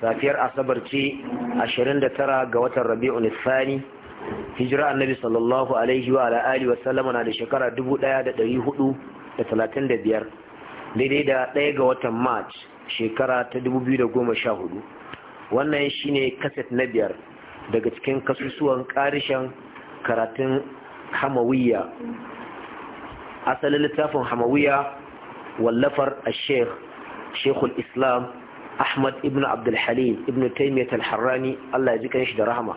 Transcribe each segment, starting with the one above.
safiyar asabar ce 29 ga watan rabi'un isfani hijira annabi sallallahu alaihi wa ala'ali wa wasallama na da shekara 1435 daidai da ɗaya ga watan march shekara ta 2014 wannan shine kaset na biyar daga cikin kasusuwan karishen karatun hamawiya asalin littafin hamawiya wallafar a sheikh sheikhul islam Ahmad ibn Abdul Halim ibn Taymiyyah al-Harrani Allah ya ji kanshi da rahama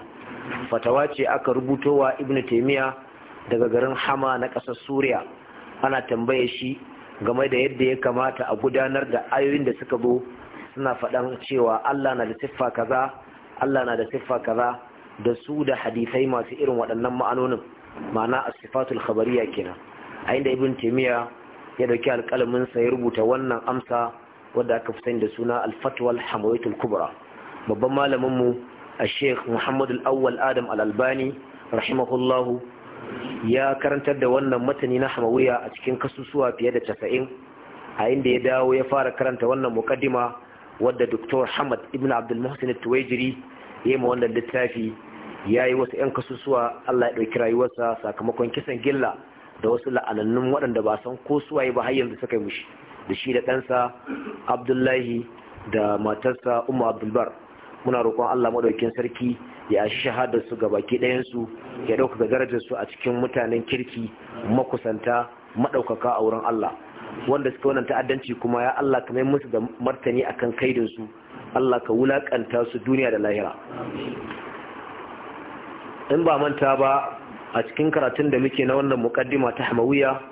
fatawa ce aka rubutowa ibn Taymiyyah daga garin Hama na ƙasar Suriya ana tambaye shi game da yadda ya kamata a gudanar da ayoyin da suka zo suna faɗan cewa Allah na da siffa kaza Allah na da siffa kaza da su da hadisai masu irin waɗannan ma'anonin ma'ana as-sifatul khabariyya kenan a inda ibn Taymiyyah ya dauki alƙalamin sa ya rubuta wannan amsa wanda aka fi sani da suna alfatwal hamawaitul kubra babban malaminmu a sheikh Muhammad al'awwal Adam alalbani albani ya karantar da wannan matani na hamawiya a cikin kasusuwa fiye da casa'in a inda ya dawo ya fara karanta wannan mukaddima wadda Dr. Hamad Ibn Abdul Muhsin tuwaijiri ya yi wannan littafi ya yi wasu 'yan kasusuwa Allah ya ɗauki rayuwarsa sakamakon kisan gilla da wasu la'anannun waɗanda ba san ko suwaye ba har yanzu suka yi mushi da shi da ɗansa abdullahi da matarsa umma abdulbar muna roƙon allah maɗaukin sarki ya shi shahadarsu ga baki ɗayansu ya ɗaukaka darajarsu a cikin mutanen kirki makusanta maɗaukaka a wurin allah wanda suka wannan ta'addanci kuma ya allah ka mai musu da martani akan kaidinsu allah ka wulaƙanta su duniya da lahira in ba manta ba a cikin karatun da muke na wannan muƙaddima ta hamawiya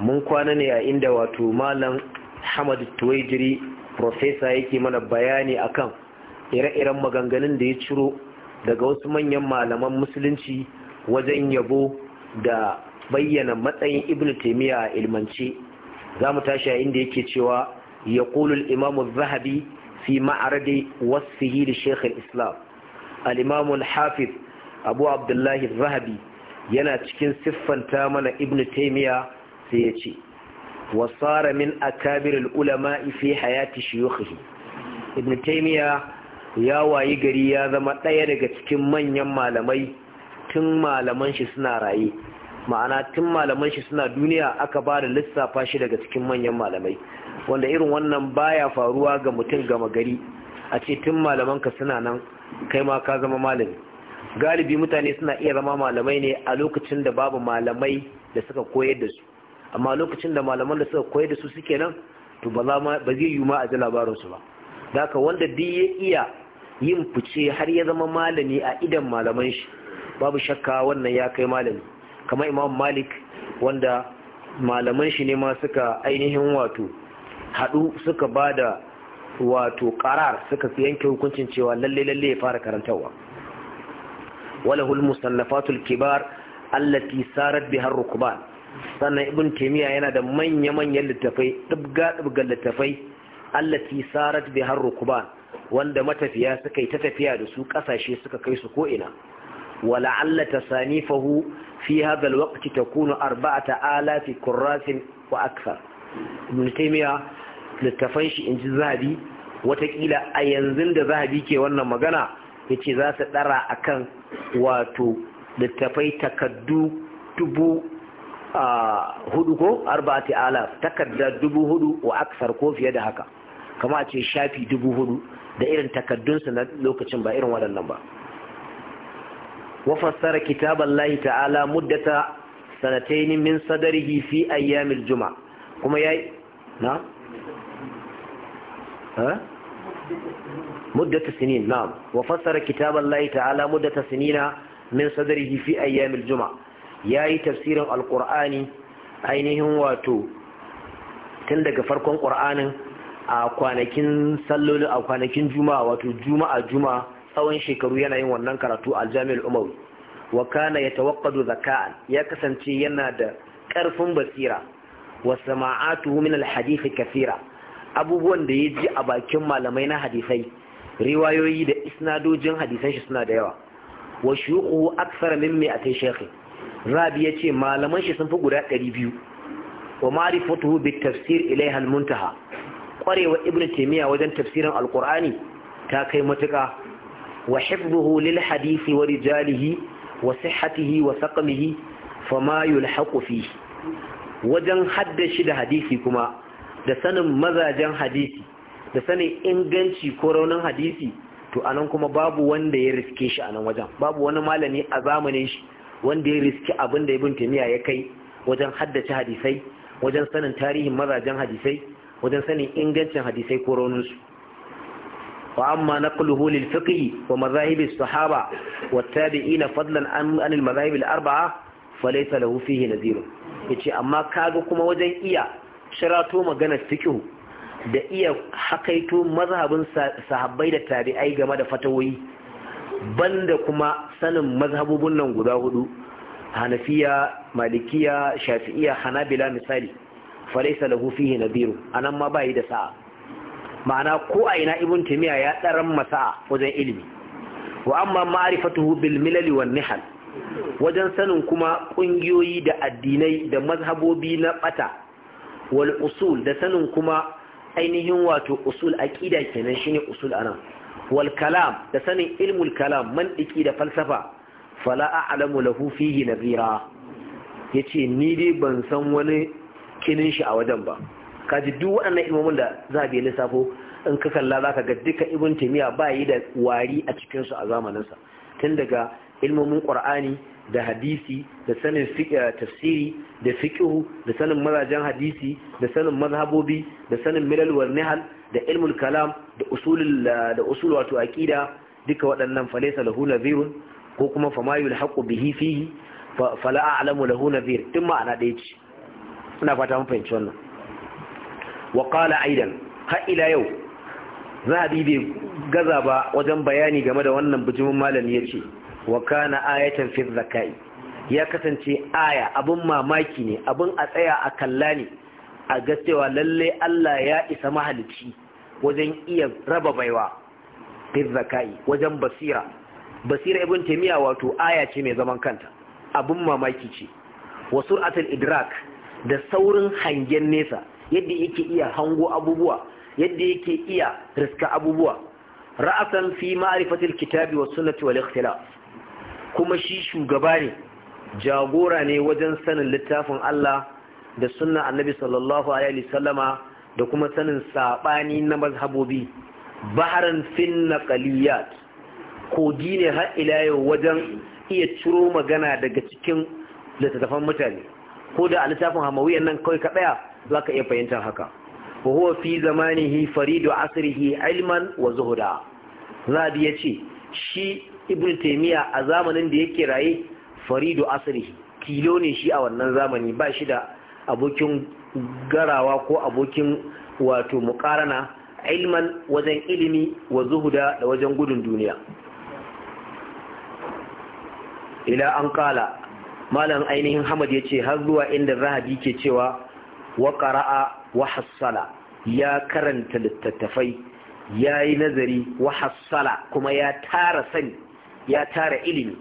mun kwana ne a inda wato malam hamad tuwaijiri profesa yake mana bayani akan ire-iren maganganun da ya ciro daga wasu manyan malaman musulunci wajen yabo da bayyana matsayin ibn taimiyya a ilmance za mu tashi a inda yake cewa ya kulul imamu zahabi fi ma'arade wasu da shekhar islam al'imamun hafiz abu abdullahi zahabi yana cikin siffanta mana ibn taimiyya sai ya ce wasara min akabirul ulama ife hayati shuyukhi ibn taimiya ya wayi gari ya zama ɗaya daga cikin manyan malamai tun malaman shi suna raye ma'ana tun malaman shi suna duniya aka ba da lissafa shi daga cikin manyan malamai wanda irin wannan baya faruwa ga mutum gama gari a ce tun malamanka suna nan kai ma ka zama malami galibi mutane suna iya zama malamai ne a lokacin da babu malamai da suka koyar da su amma lokacin da malaman da suka koyar da su suke nan to ba zai yi ma a ji labaransu ba da haka wanda duk ya iya yin fice har ya zama malami a idan malaman shi babu shakka wannan ya kai malami kamar imam malik wanda malaman shi ne ma suka ainihin wato haɗu suka ba da wato karar suka yanke hukuncin cewa lalle lalle ya fara karantarwa walahul musannafatul kibar allati sarat bihar rukban sannan ibn Taimiyya yana da manya-manyan littafai dubga-dubgan littafai allati sarat bi har rukuban wanda matafiya suka yi ta tafiya da su ƙasashe suka kai su ko'ina wala'alla tasanifahu fi hadha alwaqti takunu arba'ata alafi kurrasin wa akthar ibn Taimiyya littafan shi inji zahabi watakila a yanzu da zahabi ke wannan magana yace za su dara akan wato littafai takaddu dubu hudu ko arba'ati alaf takarda dubu hudu wa aksar ko fiye da haka kama ce shafi dubu hudu da irin takaddunsa na lokacin ba irin waɗannan ba wa fassara kitabar lahi ta'ala muddata sanataini min sadarihi fi ayyamil juma kuma yayi na ha muddata sinin na? wa fassara kitabar lahi ta'ala muddata sinina min sadarihi fi ayyamil juma ya yi tafsirin alƙur'ani ainihin wato tun daga farkon ƙur'anin a kwanakin salloli a kwanakin juma'a wato juma'a juma'a tsawon shekaru yana yin wannan karatu a jami'ar umaru wa kana ya tawakkadu zaka'an ya kasance yana da ƙarfin basira wa sama'atuhu min alhadisi kafira abubuwan da ya ji a bakin malamai na hadisai riwayoyi da isnadojin hadisai shi suna da yawa wa shuyukhu aksara min kai shaykh rabi ya ce malaman shi sun fi guda ɗari biyu. wa ma'rifatuhu bi tafsir ilaiha al-muntaha kwarewa ibn taymiya wajen tafsirin alqur'ani ta kai matuka wa hifdhuhu lil hadisi wa rijalihi wa sihhatihi wa saqmihi fama yulhaqu fihi wajen haddashi da hadisi kuma da sanin mazajen hadisi da sanin inganci ko raunin hadisi to anan kuma babu wanda ya riske shi anan wajen babu wani malami a zamanin shi wanda ya riski abin da ibn taymiya ya kai wajen haddace hadisai wajen sanin tarihin mazajen hadisai wajen sanin ingancin hadisai ko rauninsu wa amma naqluhu lil fiqh wa madhahib as-sahaba wa tabi'ina fadlan an al-madhahib al-arba'a falaysa lahu fihi nadhir yace amma kaga kuma wajen iya shirato magana fiqh da iya hakaito mazhabin sahabbai da tabi'ai game da fatawoyi banda kuma sanin mazhabobin nan guda hudu hanafiya malikiya shafi'iya hanabila misali falaisa lahu fihi nadiru anan ma bai da sa'a ma'ana ko a ina ibn timiya ya daran masa'a wajen ilimi wa amma ma'rifatuhu bil milali wan nihal wajen sanin kuma kungiyoyi da addinai da mazhabobi na bata wal usul da sanin kuma ainihin wato usul aqida kenan shine usul anan wal kalam da sanin ilmul kalam mantiki da falsafa fala a'lamu lahu fihi nazira yace ni dai ban san wani kinin shi a wajen ba kaji duk waɗannan ilmomin da za bi lissafo in ka kalla zaka ga duka ibn taymiya ba yi da wari a cikin su a zamanin sa tun daga ilmomin qur'ani da hadisi da sanin eh, tafsiri da fiqhu da sanin mazajen hadisi da sanin mazhabobi da sanin milal wal nihal da ilmul kalam da usulul da usul wato aqida duka waɗannan laysa lahu nadhirun ko kuma fama yulhaqu bihi fihi la a'lamu lahu nadhir din ma'ana ɗaya ce ina fata mun fahimci wannan wa qala aidan har ila yau zahabi bai gaza ba wajen bayani game da wannan bijimin malami yace wa kana ayatan fi zakai ya kasance aya abun mamaki ne abun a tsaya a kalla ne a ga cewa lalle Allah ya isa mahalicci wajen iya raba baiwa bin zakai wajen basira basira ibn taymiya wato aya ce mai zaman kanta abin mamaki ce wa sur'atul idrak da saurin hangen nesa yadda yake iya hango abubuwa yadda yake iya riska abubuwa ra'asan fi ma'rifatil kitabi wa sunnati wal ikhtilaf kuma shi shugaba ne jagora ne wajen sanin littafin Allah da sunna annabi sallallahu alaihi sallama da kuma sanin saɓani na mazhabobi baharan fin ƙaliyat, kogi ne har ila yau wajen iya ciro magana daga cikin littattafan mutane ko da a littafin hamawiyan nan kawai ka tsaya za ka iya fahimtar haka wa huwa fi zamanihi faridu asrihi ilman wa zuhuda zabi ya ce shi ibn taymiya a zamanin da yake raye faridu asrihi kilo ne shi a wannan zamani ba shi da abokin garawa ko abokin wato mukarana ilman wajen ilimi wa zuhuda da wajen gudun duniya ila an kala malam ainihin hamad ya ce har zuwa inda zahabi ke cewa wa ƙara'a wa hassala ya karanta littattafai ya yi nazari wa hassala kuma ya tara sani ya tara ilimi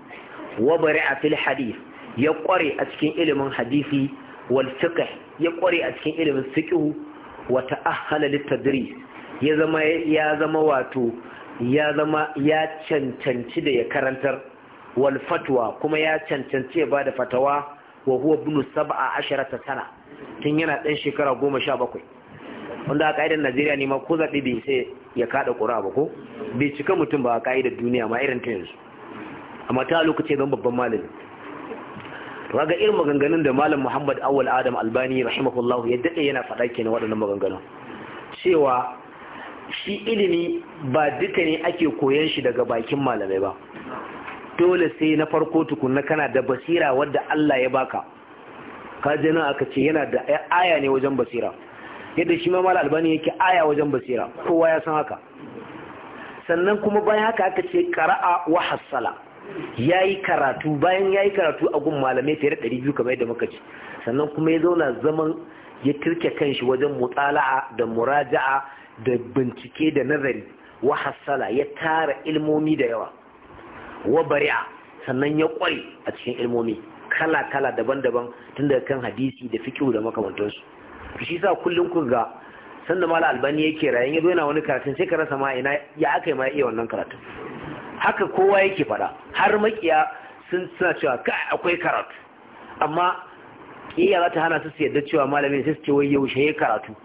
wa bari a fil hadith ya ƙware a cikin ilimin hadisi wal fiqh ya kware a cikin ilimin fiqh wa ta'ahhala litadris ya zama ya zama wato ya zama ya cancanci da ya karantar wal fatwa kuma ya cancanci ya da fatawa wa huwa ibn sab'a asharata sana tun yana dan shekara 17 wanda a ka'idar Najeriya ne ma ko zaɓe bai sai ya kada ƙura ba ko bai cika mutum ba ka'idar duniya ma irin ta yanzu amma ta lokaci ban babban malami raga irin maganganun da malam Muhammad Awal Adam Albani rahimahullah ya dade yana faɗa kenan waɗannan maganganun cewa shi ilimi ba duka ne ake koyan shi daga bakin malamai ba dole sai na farko tukunna kana da basira wadda Allah ya baka ka je nan aka ce yana da aya ne wajen basira yadda shi ma malam Albani yake aya wajen basira kowa ya san haka sannan kuma bayan haka aka ce qara'a wa hasala ya yi karatu bayan ya yi karatu a gun malamai fiye da ɗari biyu kamar yadda muka ci sannan kuma ya zauna zaman ya kirke kan shi wajen mutsala'a da muraja'a da bincike da nazari wa hassala ya tara ilmomi da yawa wa bari'a sannan ya ƙware a cikin ilmomi kala kala daban-daban tun daga kan hadisi da fikihu da makamantansu shi sa kullum ku ga sanda mala albani yake rayan ya yana wani karatun sai ka rasa ma ya aka yi ma iya wannan karatun haka kowa yake fada har makiya sun suna cewa ka akwai karatu amma iya za ta hana su yadda cewa malamin sai su ce wai yaushe ya karatu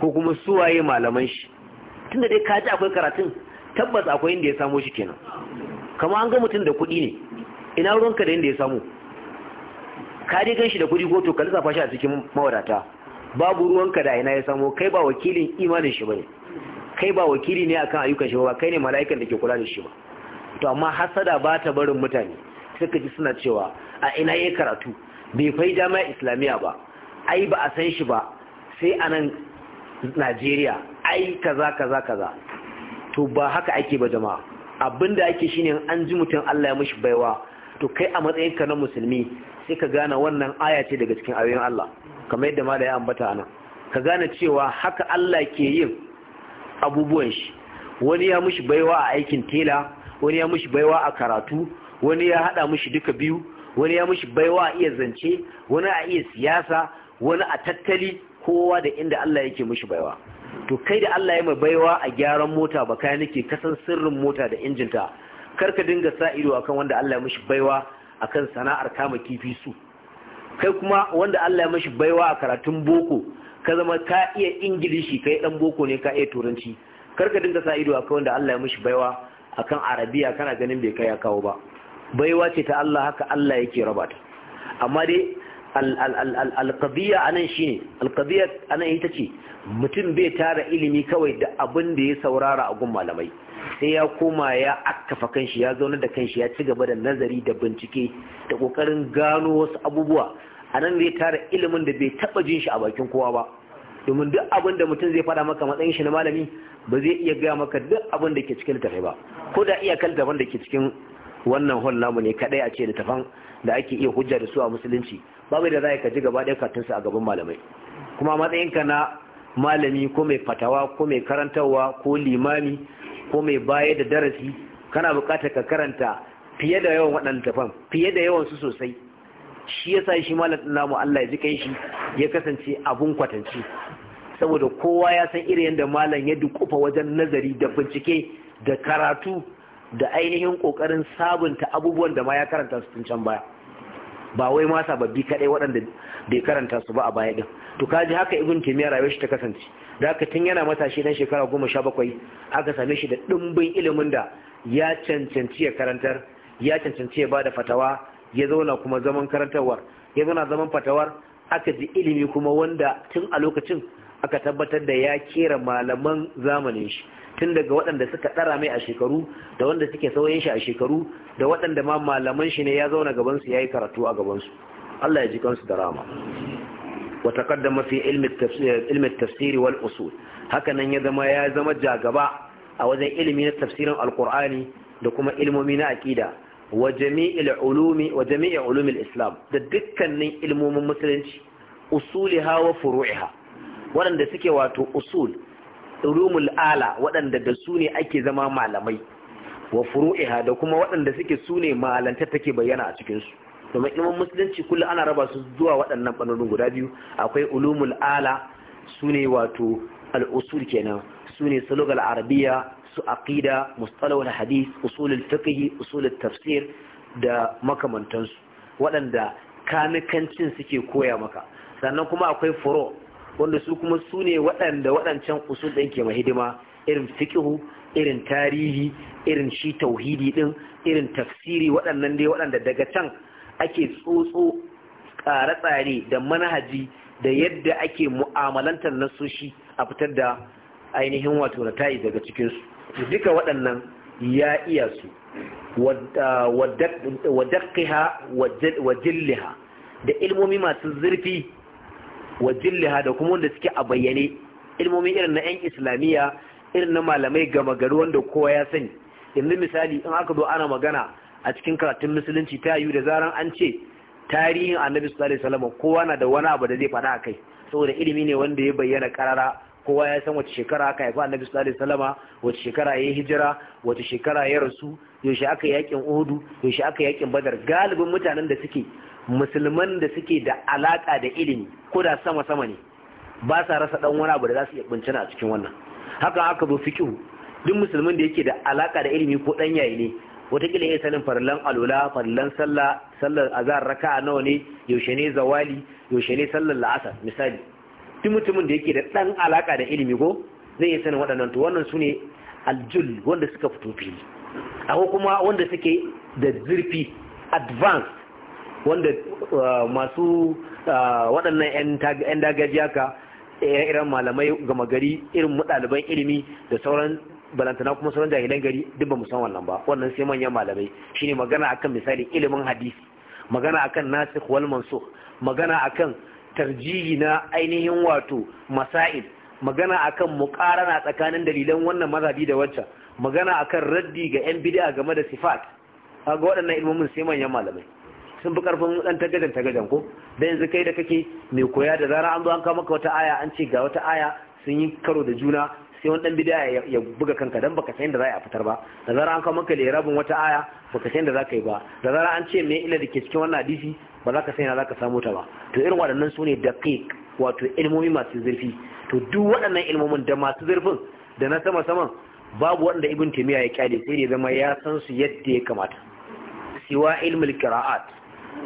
ko kuma suwaye malaman shi tunda dai ka ji akwai karatun tabbas akwai inda ya samo shi kenan kama an ga mutum da kuɗi ne ina ruwanka da inda ya samu ka dai gan da kuɗi ko to ka lissafa shi a cikin mawadata babu ruwanka da ina ya samo kai ba wakilin imanin shi bane kai ba wakili ne akan ayyukan shi ba kai ne mala'ikan da ke kula da shi ba to amma hasada ba ta barin mutane suka ji suna cewa a ina ya karatu bai fai jami'a islamiyya ba ai ba a san shi ba sai a nan najeriya ai kaza kaza kaza to ba haka ake ba jama'a abin da ake shine an ji mutum allah ya mishi baiwa to kai a matsayinka na musulmi sai ka gane wannan aya ce daga cikin ayoyin allah kamar yadda ma da ya ambata anan ka gane cewa haka allah ke yin abubuwan shi wani ya mishi baiwa a aikin tela wani ya mushi baiwa a karatu wani ya haɗa mushi duka biyu wani ya mushi baiwa a iya zance wani a iya siyasa wani a tattali kowa da inda Allah yake mushi baiwa to kai da Allah ya mai baiwa a gyaran mota ba kai nake kasan sirrin mota da injinta karka dinga sa ido akan wanda Allah ya mushi baiwa akan sana'ar kama kifi su kai kuma wanda Allah ya mashi baiwa a karatun boko ka zama ka iya ingilishi kai dan boko ne ka iya turanci karka dinga sa ido akan wanda Allah ya mashi baiwa akan arabiya kana ganin bai kai ya kawo ba baiwa ce ta Allah haka Allah yake raba ta amma dai alqadiyya anan shine anan ita ce mutum bai tara ilimi kawai da abin da ya saurara a gun malamai sai ya koma ya akkafa kanshi ya zauna da kanshi ya ci gaba da nazari da bincike da kokarin gano wasu abubuwa anan zai tara ilimin da bai taba jin shi a bakin kowa ba domin duk abin da mutum zai fada maka matsayin shi na malami ba zai iya gaya maka duk abin da ke cikin littafai ba ko da kan littafan da ke cikin wannan hol namu ne kadai a ce littafan da ake iya hujja da su a musulunci babu da za ka ji gaba ɗaya katunsa a gaban malamai kuma matsayinka na malami ko mai fatawa ko mai karantarwa ko limami ko mai baya da darasi kana buƙatar ka karanta fiye da yawan waɗannan tafan fiye da yawan su sosai shi yasa shi malam namu Allah ya ji kai shi ya kasance abun kwatance. saboda kowa ya san irin yadda malam ya dukufa wajen nazari da bincike da karatu da ainihin kokarin sabunta abubuwan da ma ya karanta su tun can baya ba wai ma sababbi kadai waɗanda bai karanta su ba a baya din to kaji haka ibn taymiya rayuwar shi ta kasance da haka tun yana matashi dan shekara goma sha bakwai aka same shi da ɗimbin ilimin da ya cancanci ya karantar ya cancanci ya bada fatawa ya zauna kuma zaman karantarwar ya zauna zaman fatawar aka ji ilimi kuma wanda tun a lokacin aka tabbatar da ya kera malaman zamanin shi tun daga waɗanda suka ɗara mai a shekaru da wanda suke sauyin shi a shekaru da waɗanda ma malaman shi ne ya zauna gabansu ya yi karatu a gabansu Allah ya ji kansu da rama wa taqaddama fi ilmi tafsiri wal usul haka nan ya zama ya zama jagaba a wajen ilimi na tafsirin alqur'ani da kuma ilmomi na aqida wa jami'il ulumi wa jami'i ulumil islam da dukkanin ilmomin musulunci usuliha wa furu'iha waɗanda suke wato usul ulumul ala waɗanda da su ne ake zama malamai wa furu'iha da kuma waɗanda suke su ne malanta take bayyana a cikin su domin ilimin musulunci kullum ana raba su zuwa waɗannan ɓangarorin guda biyu akwai ulumul ala su ne wato al'usul kenan su ne sulugal arabiya su aqida mustalahul hadis usulul fiqh usulul tafsir da makamantansu waɗanda kamikancin suke koya maka sannan kuma akwai furo wanda su kuma su ne waɗanda waɗancan usul ɗin ke mahidima irin fikihu irin tarihi irin shi tauhidi ɗin irin tafsiri waɗannan dai waɗanda daga can ake tsotso tsare-tsare da manhaji da yadda ake mu'amalantar soshi a fitar da ainihin wato na tayi daga cikinsu duka waɗannan ya iya su wadakkiha wa jilliha da ilmomi masu zurfi wa jilliha da kuma wanda suke a bayyane ilmomi irin na 'yan islamiyya irin na malamai gama gari wanda kowa ya sani yanzu misali in aka zo ana magana a cikin karatun musulunci ta yiwu da zaran an ce tarihin annabi sallallahu alaihi wasallam kowa na da wani abu da zai faɗa kai saboda ilimi ne wanda ya bayyana karara kowa ya san wace shekara aka haifa annabi sallallahu alaihi Salama wace shekara ya hijira wace shekara ya rasu yaushe aka yakin uhudu yaushe aka yakin badar galibin mutanen da suke musulman da suke da alaƙa da ilimi ko da sama sama ne ba sa rasa dan wani abu da za su iya bincina a cikin wannan haka aka zo fiqhu duk musulmin da yake da alaka da ilimi ko dan yayi ne watakila ya sanin farlan alula farlan sallah sallar azar, raka'a nawa ne yaushe ne zawali yaushe ne sallar la'asar misali duk mutumin da yake da dan alaka da ilimi ko zai iya sanin waɗannan to wannan sune aljul wanda suka fito fili akwai kuma wanda suke da zurfi advanced wanda uh, masu uh, waɗannan 'yan dagajiya ka irin malamai gama gari irin ɗaliban ilimi da sauran balantana kuma sauran jahilan gari duk ba san wannan ba wannan sai manyan malamai shine magana akan misali ilimin hadisi magana akan nasikh wal mansukh magana akan tarjihi na ainihin wato masail magana akan muqarana tsakanin dalilan wannan mazhabi da wacce, magana akan raddi ga yan bid'a game da sifat kaga waɗannan ilmomin sai manyan malamai sun fi karfin dan tagadan tagadan ko da yanzu kai da kake mai koya da zara an zo an kawo maka wata aya an ce ga wata aya sun yi karo da juna sai wani dan bid'a ya buga kanka dan baka san da za a fitar ba da zara an kawo maka wata aya baka san da za ka yi ba da zara an ce me ila da ke cikin wannan hadisi ba za ka san za ka samu ta ba to irin waɗannan su ne daqiq wato ilmomi masu zurfi to duk waɗannan ilmomin da masu zurfin da na sama saman babu waɗanda ibn taymiya ya kyale sai da zama ya san su yadda ya kamata siwa ilmul kiraat.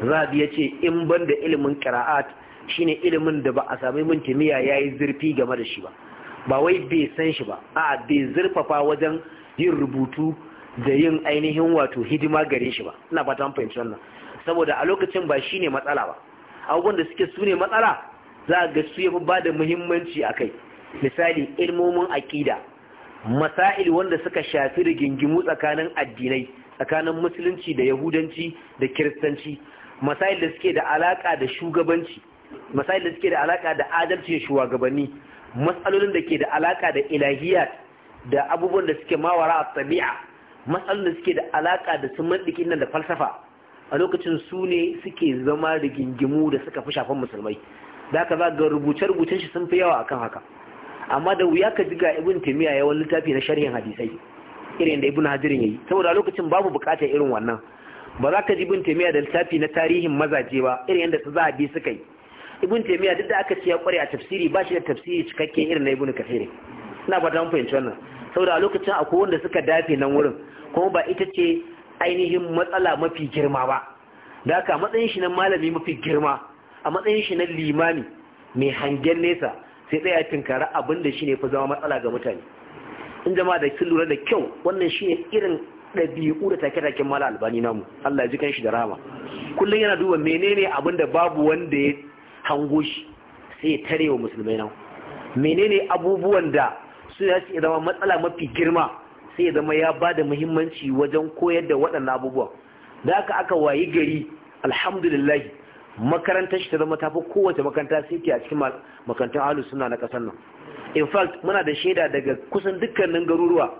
rabi ya ce in ban da ilimin ƙira'at shine ilimin da ba a sami min miya ya yi zurfi game da shi ba ba wai bai san shi ba a bai zurfafa wajen yin rubutu da yin ainihin wato hidima gare shi ba ina ba fahimci wannan saboda a lokacin ba shi ne matsala ba abubuwan da suke su ne matsala za a ga su fi ba da muhimmanci a kai misali ilmomin aƙida masail wanda suka shafi rigingimu tsakanin addinai tsakanin musulunci da yahudanci da kiristanci masail da suke da alaka da shugabanci masail da suke da alaka da adalci da shugabanni matsalolin da ke da alaka da ilahiya da abubuwan da suke mawara a tabi'a matsalolin da suke da alaka da su mandikin nan da falsafa a lokacin su ne suke zama rigingimu da suka fi shafan musulmai da haka za ga rubuce-rubucen shi sun fi yawa akan haka amma da wuya ka ji ga ibn ya yawan littafi na sharhin hadisai irin da ibn hajirin yayi saboda lokacin babu bukatar irin wannan ba za ka ji ibn taymiya da littafi na tarihin mazaje ba irin yadda su zahabi suka yi ibn taymiya duk da aka ce ya kware a tafsiri ba shi da tafsiri cikakke irin na ibn kathir ina ba ta fahimci wannan saboda a lokacin akwai wanda suka dafe nan wurin kuma ba ita ce ainihin matsala mafi girma ba da haka matsayin shi na malami mafi girma a matsayin shi na limami mai hangen nesa sai tsaya tinkara abin da shi ne fi zama matsala ga mutane in jama'a da kin lura da kyau wannan shi ne irin ɗabi'u da take-taken mala albani namu Allah ya ji kan shi da rahama kullum yana duba menene abin da babu wanda ya hango shi sai ya tare wa musulmai nan menene abubuwan da su ya ce zama matsala mafi girma sai ya zama ya ba da muhimmanci wajen koyar da waɗannan abubuwan da aka aka wayi gari alhamdulillah makarantar shi ta zama tafi kowace makaranta sai ke a cikin makarantar ahlus na ƙasar nan in fact muna da shaida daga kusan dukkanin garuruwa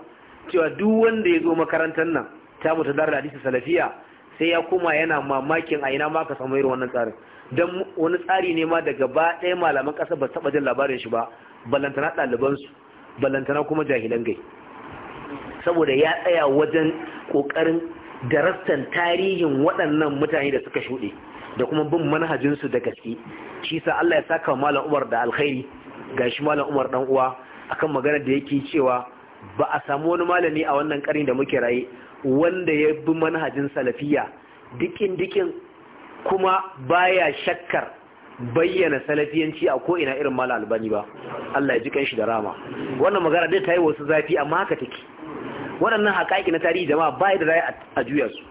cewa duk wanda ya zo makarantar nan ta mu ta da hadisi salafiya sai ya koma yana mamakin a ina ma ka samu irin wannan tsarin dan wani tsari ne ma da gaba ɗaya malaman ƙasa ba taɓa jin labarin shi ba ballantana ɗalibansu ballantana kuma jahilan gai saboda ya tsaya wajen ƙoƙarin darastan tarihin waɗannan mutane da suka shuɗe da kuma bin manhajinsu da gaske shi sa Allah ya saka malam Umar da alkhairi gashi malam Umar dan uwa akan maganar da yake cewa ba a samu wani malami a wannan karni da muke raye wanda ya bi manhajin salafiya dikin dikin kuma baya shakkar bayyana salafiyanci a ko ina irin mala albani ba Allah ya ji kanshi da rama wannan magana dai ta yi wasu zafi amma haka take waɗannan haƙaƙi na tarihi jama'a ba da raye a juya su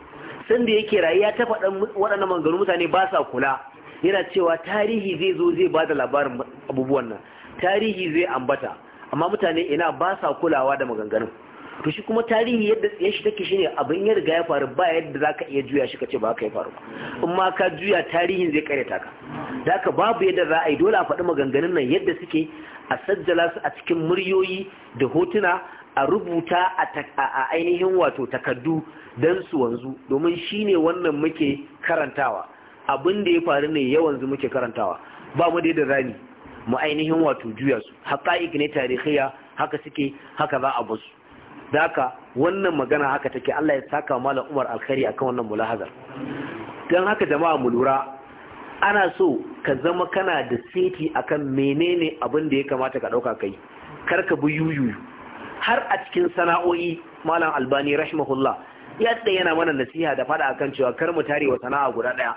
sanda yake raye ya tafa waɗannan manzanni mutane ba sa kula yana cewa tarihi zai zo zai ba da labarin abubuwan nan tarihi zai ambata amma mutane ina ba sa kulawa da maganganun to shi kuma tarihi yadda ya shi take shine abin ya riga ya faru ba yadda ka iya juya shi kace ba ka yi faru in ma ka juya tarihin zai karyata ka zaka babu yadda za a yi dole a faɗi maganganun nan yadda suke a sajjala su a cikin muryoyi da hotuna a rubuta a ainihin wato takardu don su wanzu domin shine wannan muke karantawa abin da ya faru ne yawanzu muke karantawa ba mu da rani mu ainihin wato juya su haƙa'iq ne tarihiyya haka suke haka za a basu daka wannan magana haka take Allah ya saka malam Umar alkhairi akan wannan mulahazar dan haka jama'a mu lura ana so ka zama kana da seti akan menene abin da ya kamata ka dauka kai kar ka bi yuyu har a cikin sana'o'i malam Albani rahimahullah ya yana mana nasiha da fada akan cewa kar mu tare wa sana'a guda daya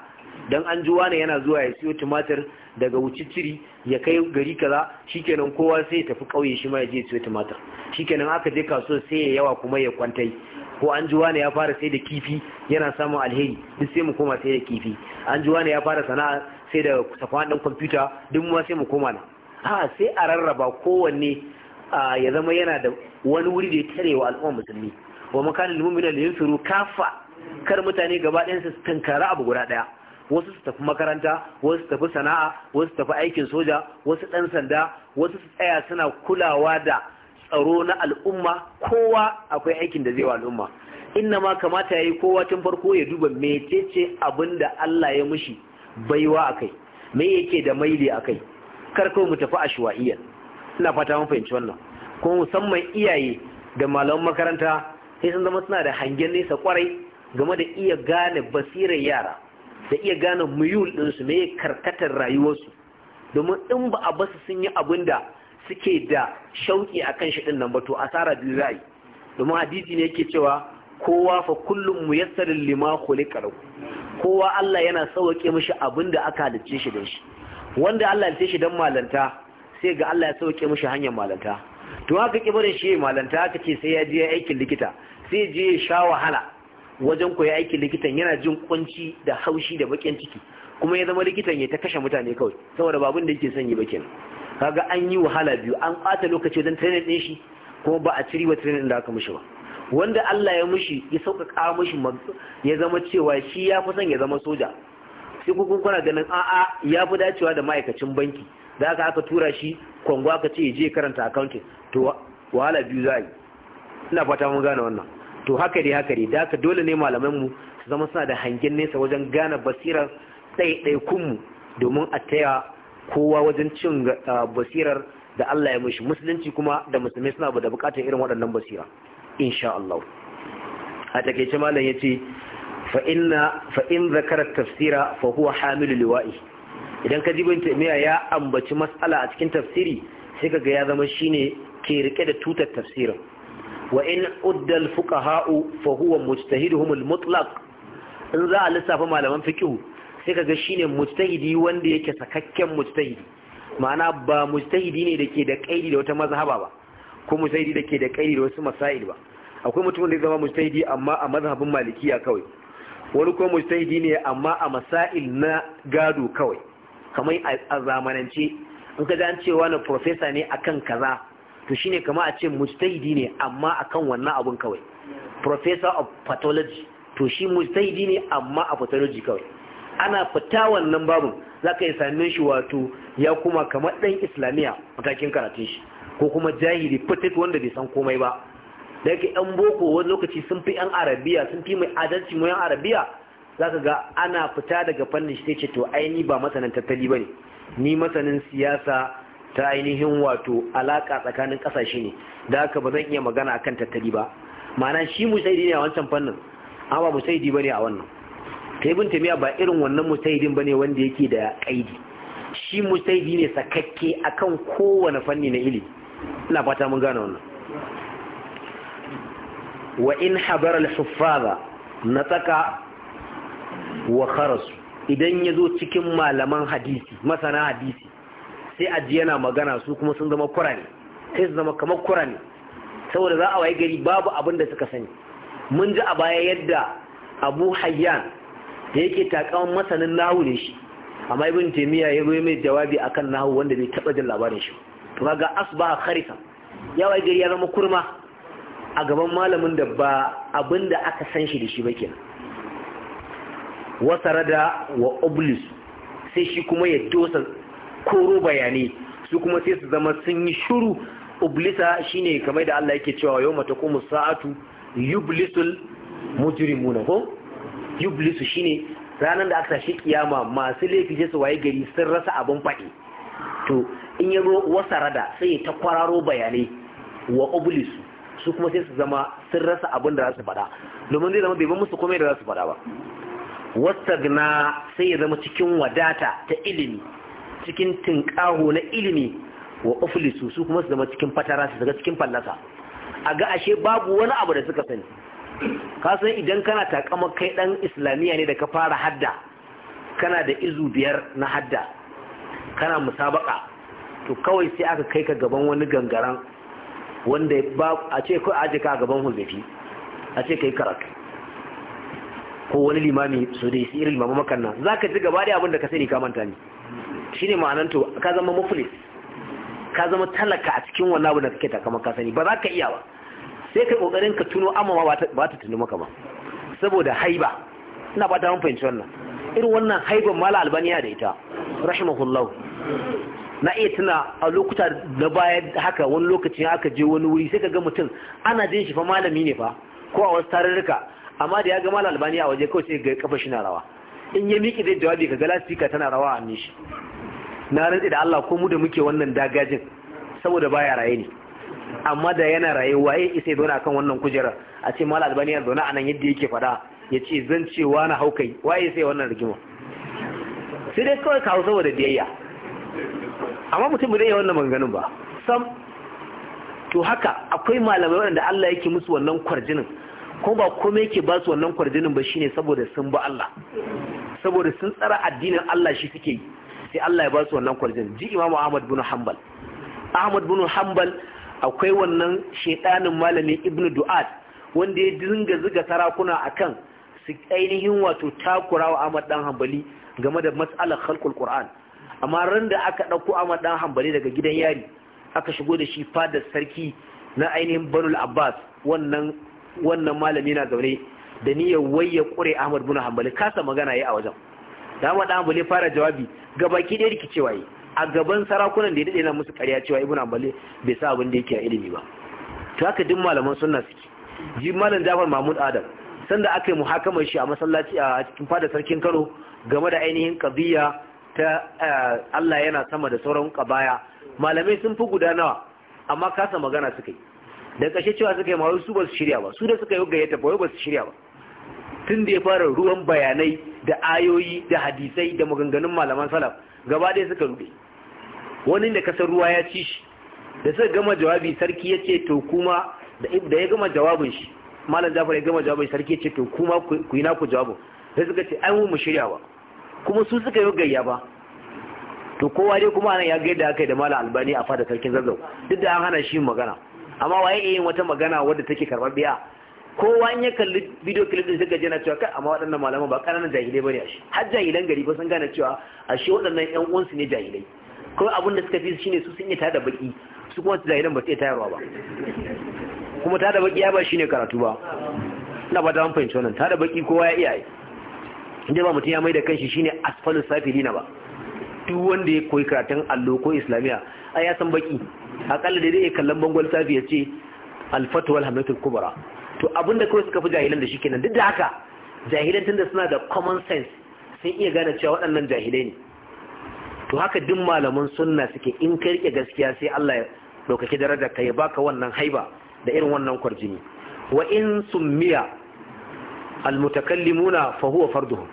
dan an ji wani yana zuwa ya siyo tumatir daga wuciciri ya kai gari kaza shikenan kowa sai ya tafi kauye shi ma ya je ya siyo tumatir shikenan aka je kasuwar sai ya yawa kuma ya kwantai ko an ji wani ya fara sai da kifi yana samun alheri duk sai mu koma sai da kifi an ji wani ya fara sana'a sai da safan dan kwamfuta duk mu sai mu koma na a sai a rarraba kowanne ya zama yana da wani wuri da ya tare wa al'umma musulmi wa makanin mu'minin da yin suru kafa kar mutane gaba ɗayan su tankara abu guda ɗaya wasu su tafi makaranta wasu tafi sana'a wasu tafi aikin soja wasu ɗan sanda wasu su tsaya suna kulawa da tsaro na al'umma kowa akwai aikin da zai wa al'umma inna ma kamata ya yi kowa tun farko ya duba mecece abin da Allah ya mushi baiwa akai, kai me yake da maili a kai karko mu tafi ashwa'iyya ina fata mun fahimci wannan kuma musamman iyaye da malaman makaranta sai sun zama suna da hangen nesa kwarai game da iya gane basirar yara da iya gane muyul ɗinsu mai karkatar rayuwarsu domin in ba a basu sun yi abin da suke da shauƙi a kan shi ɗin nan ba to asara biyu za yi domin hadisi ne yake cewa kowa fa kullum muyassarin lima kuli lahu kowa Allah yana sauke mishi abin da aka halicce shi da shi wanda Allah ya shi dan malanta sai ga Allah ya sauke mishi hanyar malanta to haka kibarin shi malanta aka ce sai ya je aikin likita sai je ya sha wahala wajen koyi aikin likitan yana jin kunci da haushi da bakin ciki kuma ya zama likitan ya ta kashe mutane kawai saboda babun da yake son yi bakin kaga an yi wahala biyu an ɓata lokaci don training ɗin shi kuma ba a ciri wa training da aka mishi ba wanda Allah ya mishi ya sauƙaƙa mishi ya zama cewa shi ya fi son ya zama soja sai ku kun kuna ganin a'a ya fi dacewa da ma'aikacin banki da aka aka tura shi kwangwa ka ce ya je karanta accounting to wahala biyu za a yi ina fata mun gane wannan to haka dai haka dai da haka dole ne malamanmu su zama suna da hangen nesa wajen gane basirar ɗaiɗaikunmu domin a taya kowa wajen cin basirar da Allah ya mushi musulunci kuma da musulmi suna da bukatar irin waɗannan basira insha Allah a takeice malam yace fa inna fa in zakara tafsira fa hamilu liwa'i idan ka jibin tamiya ya ambaci mas'ala a cikin tafsiri sai ka ga ya zama shine ke rike da tutar tafsirin wa in udda al-fuqaha'u fa huwa mujtahiduhum in za a lissafa malaman fiqh sai kaga shine mujtahidi wanda yake sakakken mujtahidi ma'ana ba mujtahidi ne dake da kaidi da wata mazhaba ba ko mujtahidi dake da kaidi da wasu masail ba akwai mutumin da zama mujtahidi amma a mazhabin malikiya kawai wani kuma mujtahidi ne amma a masail na gado kawai kamar a zamanance in ka an cewa na profesa ne akan kaza to shine kama a ce mustaidi ne amma akan wannan abun kawai professor of pathology to shi mustaidi ne amma a pathology kawai ana fita wannan babun zaka yi same shi wato ya kuma kamar ɗan islamiyya matakin karatun shi ko kuma jahili fitit wanda bai san komai ba da yake yan boko wani lokaci sun fi yan arabiya sun fi mai adalci mu yan arabiya zaka ga ana fita daga fannin shi sai ce to ai ni ba masanin tattali bane ni masanin siyasa ta ainihin wato alaka tsakanin kasashe ne da haka ba zan iya magana akan tattali ba ma'ana shi musaidi ne a wancan fannin amma ba musaidi bane a wannan ta ibn tamiya ba irin wannan musaidin bane wanda yake da kaidi shi musaidi ne sakakke akan kowane fanni na ilimi ina fata mun gane wannan wa in habar al-huffaza nataka wa kharas idan yazo cikin malaman hadisi masana hadisi sai a ji yana magana su kuma sun zama kurani sai su zama kamar kurani saboda za a waye gari babu abin da suka sani mun ji a baya yadda abu hayyan da yake takawan masanin nahu ne shi amma ibn taymiya ya zo mai jawabi akan nahu wanda bai taba jin labarin shi to kaga asbaha kharisa ya waye gari ya zama kurma a gaban malamin da ba abin da aka san shi da shi ba kenan wasarada wa oblis sai shi kuma ya dosa koro bayanai su kuma sai su zama sun yi shuru ublisa shine kamar da Allah yake cewa yau mata kuma sa'atu yublisul mujrimuna ko yublisu shine ranar da aka tashi kiyama masu laifi sai su waye gari sun rasa abin faɗi to in ya zo wasa rada sai ta kwararo bayanai wa ublisu su kuma sai su zama sun rasa abin da za su faɗa domin zai zama bai musu komai da za su faɗa ba wastagna sai ya zama cikin wadata ta ilimi cikin tinkaho na ilimi wa uflisu su kuma su zama cikin fatara su daga cikin fallasa a ga ashe babu wani abu da suka sani ka san idan kana takama kai dan islamiyya ne da ka fara hadda kana da izu biyar na hadda kana musabaka to kawai sai aka kai ka gaban wani gangaran wanda ba a ce ko aje ka gaban huzafi a ce kai karatu ko wani limami su dai su irin limamu makan za ka ji gaba da abin da ka sani ka manta ni. shine ma'anar to ka zama muflis ka zama talaka a cikin wannan abu da kake takama ka sani ba za ka iya ba sai kai kokarin ka tuno amma ba ta tuno maka ba saboda haiba ina ba ta mun fahimci wannan irin wannan haiban mala albaniya da ita rahimahullah na iya tuna a lokuta na baya haka wani lokaci aka je wani wuri sai ka ga mutum ana jin shi fa malami ne fa ko a wasu tarurruka amma da ya ga mala albaniya waje kawai sai ga kafa shi na rawa in ya miki zai jawabi ka ga lastika tana rawa a nishi na rantsi da Allah ko mu da muke wannan dagajin saboda baya raye ne amma da yana raye waye isa dona akan wannan kujera a ce mal albani ya zauna anan yadda yake fada ya ce zan ce wani haukai waye sai wannan rigima sai dai kawai kawo saboda biyayya amma mutum bai yi wannan maganganun ba sam to haka akwai malamai waɗanda Allah yake musu wannan kwarjinin ko ba komai yake ba su wannan kwarjinin ba shine saboda sun ba Allah saboda sun tsara addinin Allah shi suke yi sai Allah ya ba su wannan kwarjin ji imamu Ahmad bin Hanbal Ahmad bin Hanbal akwai wannan shedanin malami Ibn Du'ad wanda ya dinga ziga sarakuna akan su ainihin wato takurawa Ahmad dan Hanbali game da mas'alar khalqul Qur'an amma ran da aka dauko Ahmad dan Hanbali daga gidan yari aka shigo da shi fadar sarki na ainihin Banul Abbas wannan wannan malami na zaune da niyyar waye kure Ahmad bin Hanbali kasa magana yayi a wajen da Ahmad abu ne fara jawabi baki da rikicewa yi a gaban sarakunan da ya dade na musu ƙarya cewa Ibn Ambali bai sa abin da yake a ilimi ba to haka duk malaman sunna suke ji malam Jafar Mahmud Adam sanda aka yi muhakamar shi a masallaci a cikin fada sarkin Kano game da ainihin kabiya ta eh, Allah yana sama da sauran kabaya malamai sun fi gudanawa amma kasa magana suka yi da kashe cewa suka yi ma su ba su shirya ba su da suka yi gayyata ba ba su shirya ba tun da ya fara ruwan bayanai da ayoyi da hadisai da maganganun malaman salaf gaba ɗaya suka ruɗe. wani da kasar ruwa ya ci shi da suka gama jawabi sarki ya ce to kuma da ya gama jawabin shi malam jafar ya gama jawabin sarki ya ce to kuma ku yi naku jawabin sai suka ce ai mu shirya ba kuma su suka yi gayya ba to kowa dai kuma nan ya ga yadda aka yi da malam albani a fada sarkin zazzau duk da an hana shi magana amma waye yin wata magana wadda take karɓar biya kowa in ya kalli bidiyo clip din suka jana cewa kai amma waɗannan malaman ba ƙananan jahilai bane ashe har jahilan gari ba sun gane cewa ashe waɗannan ƴan uwansu ne jahilai ko abin da suka fi shine su sun iya tada baki su kuma jahilan ba su iya tayarwa ba kuma tada baki ya ba shine karatu ba ina ba ta an fahimci wannan tada baki kowa ya iyaye inda ba mutum ya mai da kanshi shine Safi dina ba duk wanda ya koyi karatun allo ko islamiya ai ya san baki akalla da zai iya kallon bangon safi ya ce alfatuwal hamdatul kubra to abinda kawai suka fi jahilan da shi kenan duk da haka jahilan da suna da common sense sun iya gane cewa waɗannan jahilai ne to haka duk malaman sunna suke in ka rike gaskiya sai Allah ya ɗaukaki darajar ka ya baka wannan haiba da irin wannan kwarjini wa in summiya almutakallimuna fa huwa farduhum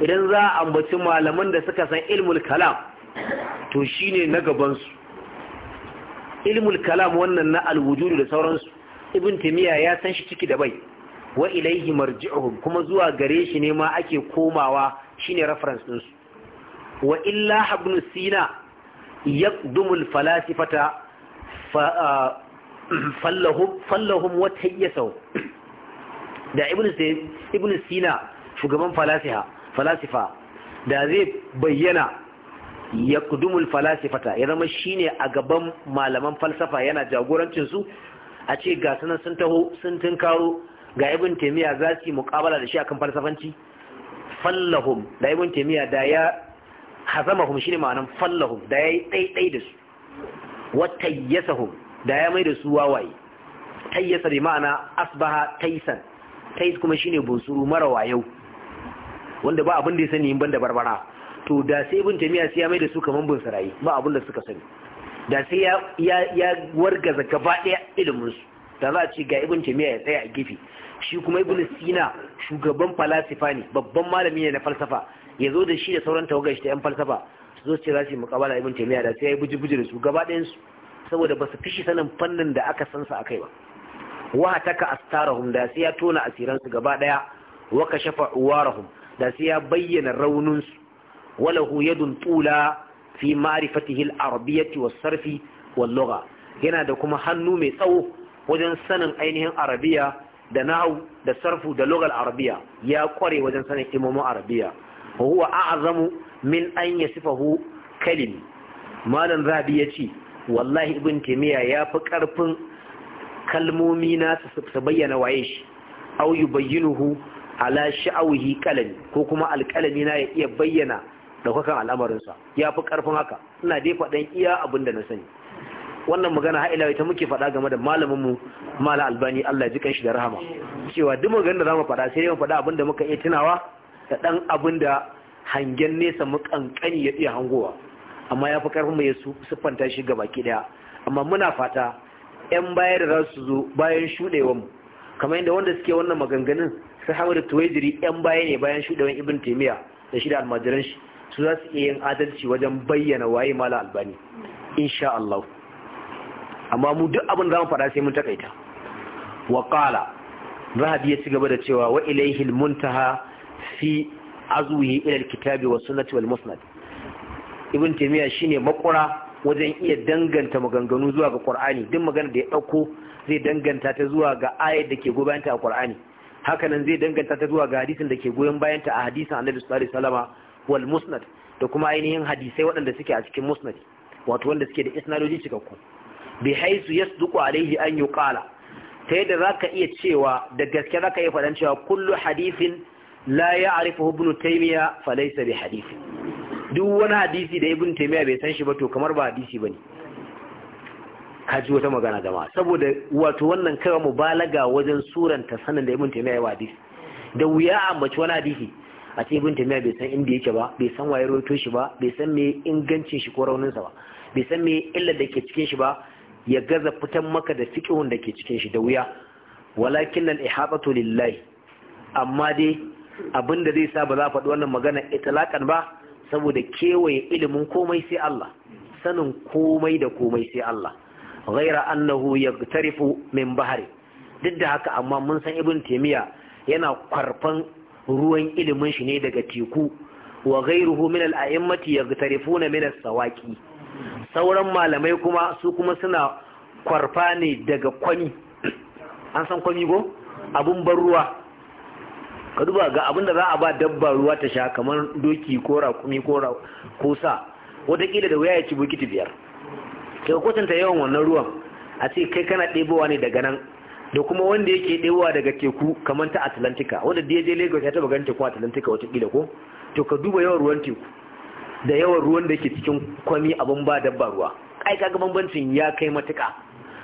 idan za a ambaci malaman da suka san ilmul kalam to shine na gaban su ilmul kalam wannan na alwujudu da sauransu ibn timiya ya san shi ciki da bai wa ilaihi marji'uhum kuma zuwa gare shi ne ma ake komawa shine reference din su wa illa ibn sina yaqdumu al-falasifata ah, fallahum fallahum wa da ibn ibn shugaban falasifa da zai bayyana yaqdumu al-falasifata ya zama shine a gaban malaman falsafa yana jagorancin su a ce ga sunan sun taho sun tunkaro ga ibin taimiyya za su yi mukabala da shi akan falsafanci fallahum da ibin taimiyya da ya shi ne ma'anan fallahum da ya yi ɗaiɗai da su wa hum da ya mai da su wawaye tayyasa da ma'ana asbaha taysan tays kuma shi ne bunsuru mara wayau wanda ba abin da ya sani in da barbara to da sai ibin taimiyya sai ya mai da su kamar bunsarai ba abin da suka sani da sai ya wargaza gaba ɗaya iliminsu da za a ce ga ibn jami'a ya tsaya a gefe shi kuma ibn sina shugaban falasifa ne babban malami ne na falsafa ya zo da shi da sauran tawagar shi ta yan falsafa su zo su ce za su yi muƙabala ibn jami'a da sai ya yi buji-buji da su gaba ɗayansu saboda ba su fishi sanin fannin da aka san su a kai ba waha taka astarahum da sai ya tona asiransu gaba ɗaya wa kashafa uwarahum da sai ya bayyana rauninsu walahu yadun tula fi ma'rifatihi al-arabiyyati was-sarfi wal-lugha yana da kuma hannu mai tsawo wajen sanin ainihin arabiya da nahu da sarfu da lugal arabiya ya kware wajen sanin imomin arabiya huwa a'zamu min an yasifahu kalimi malam Rabi ya ce wallahi ibn taymiya ya fi karfin kalmomi na su bayyana waye shi au yubayyinuhu ala sha'awihi qalami ko kuma alkalami na ya iya bayyana ɗaukakan al'amarinsa ya fi ƙarfin haka ina dai faɗan iya abin da na sani wannan magana ha'ila ita muke faɗa game da malaminmu mala albani Allah ji kanshi da rahama cewa duk magana da za mu faɗa sai dai mu faɗa abin da muka iya tunawa da ɗan abin da hangen nesa mu kankani ya iya hangowa amma ya fi ƙarfin mu ya siffanta shi gaba ki daya amma muna fata 'yan baya da za su zo bayan shuɗewar mu kamar yadda wanda suke wannan maganganun sai da tuwaijiri ƴan baya ne bayan shuɗewar ibn taimiyya da shi da almajiran shi su za su iya yin adalci wajen bayyana waye mala albani insha Allah amma mu duk abin da mu fara sai mun takaita wa qala rahabi ya ci da cewa wa ilayhi almuntaha fi azwihi ila alkitabi wa sunnati wal musnad ibn taymiya shine makura wajen iya danganta maganganu zuwa ga qur'ani duk magana da ya dauko zai danganta ta zuwa ga ayat da ke gobanta a qur'ani hakanan zai danganta ta zuwa ga hadisin da ke goyon bayanta a hadisin annabi sallallahu alaihi wasallama wal musnad da kuma ainihin hadisai waɗanda suke a cikin musnad wato wanda suke da isnadoji cikakku bi haisu yasduqu alaihi an yuqala ta yadda zaka iya cewa da gaske zaka iya faɗan cewa kullu hadithin la ya'rifu ibn taymiya fa laysa bi hadith duk wani hadisi da ibn taymiya bai san shi ba to kamar ba hadisi bane ka ji wata magana jama'a saboda wato wannan kawai mubalaga wajen suranta sanin da ibn taymiya ya hadisi da wuya a mace wani hadisi a ce ibn tamiya bai san inda yake ba bai san waye roto shi ba bai san me ingancin shi ko raunin sa ba bai san me illa da ke cikin shi ba ya gaza fitan maka da fiqhun da ke cikin shi da wuya walakin al ihabatu lillahi amma dai abinda zai sa ba za faɗi wannan magana italakan ba saboda kewaye ilimin komai sai Allah sanin komai da komai sai Allah ghaira annahu yaqtarifu min bahari duk da haka amma mun san ibin taymiya yana kwarfan ruwan ilimin shi ne daga teku wa ghairuhu min al-a'immati yaghtarifuna min as-sawaqi sauran malamai kuma su kuma suna kwarfa ne daga kwami an san kwami go abun ban ruwa ka duba ga abin da za a ba dabba ruwa ta sha kamar doki ko rakumi ko ko sa wataƙila da wuya ya ci bukiti biyar kai kwatanta yawan wannan ruwan a ce kai kana ɗebowa ne daga nan da kuma wanda yake ɗewa daga teku kamar ta atlantika wanda da ya je lagos ya taba ganin tekun atlantika watakila ko to ka duba yawan ruwan teku da yawan ruwan da ke cikin kwami abin ba dabba ruwa ai kaga bambancin ya kai matuka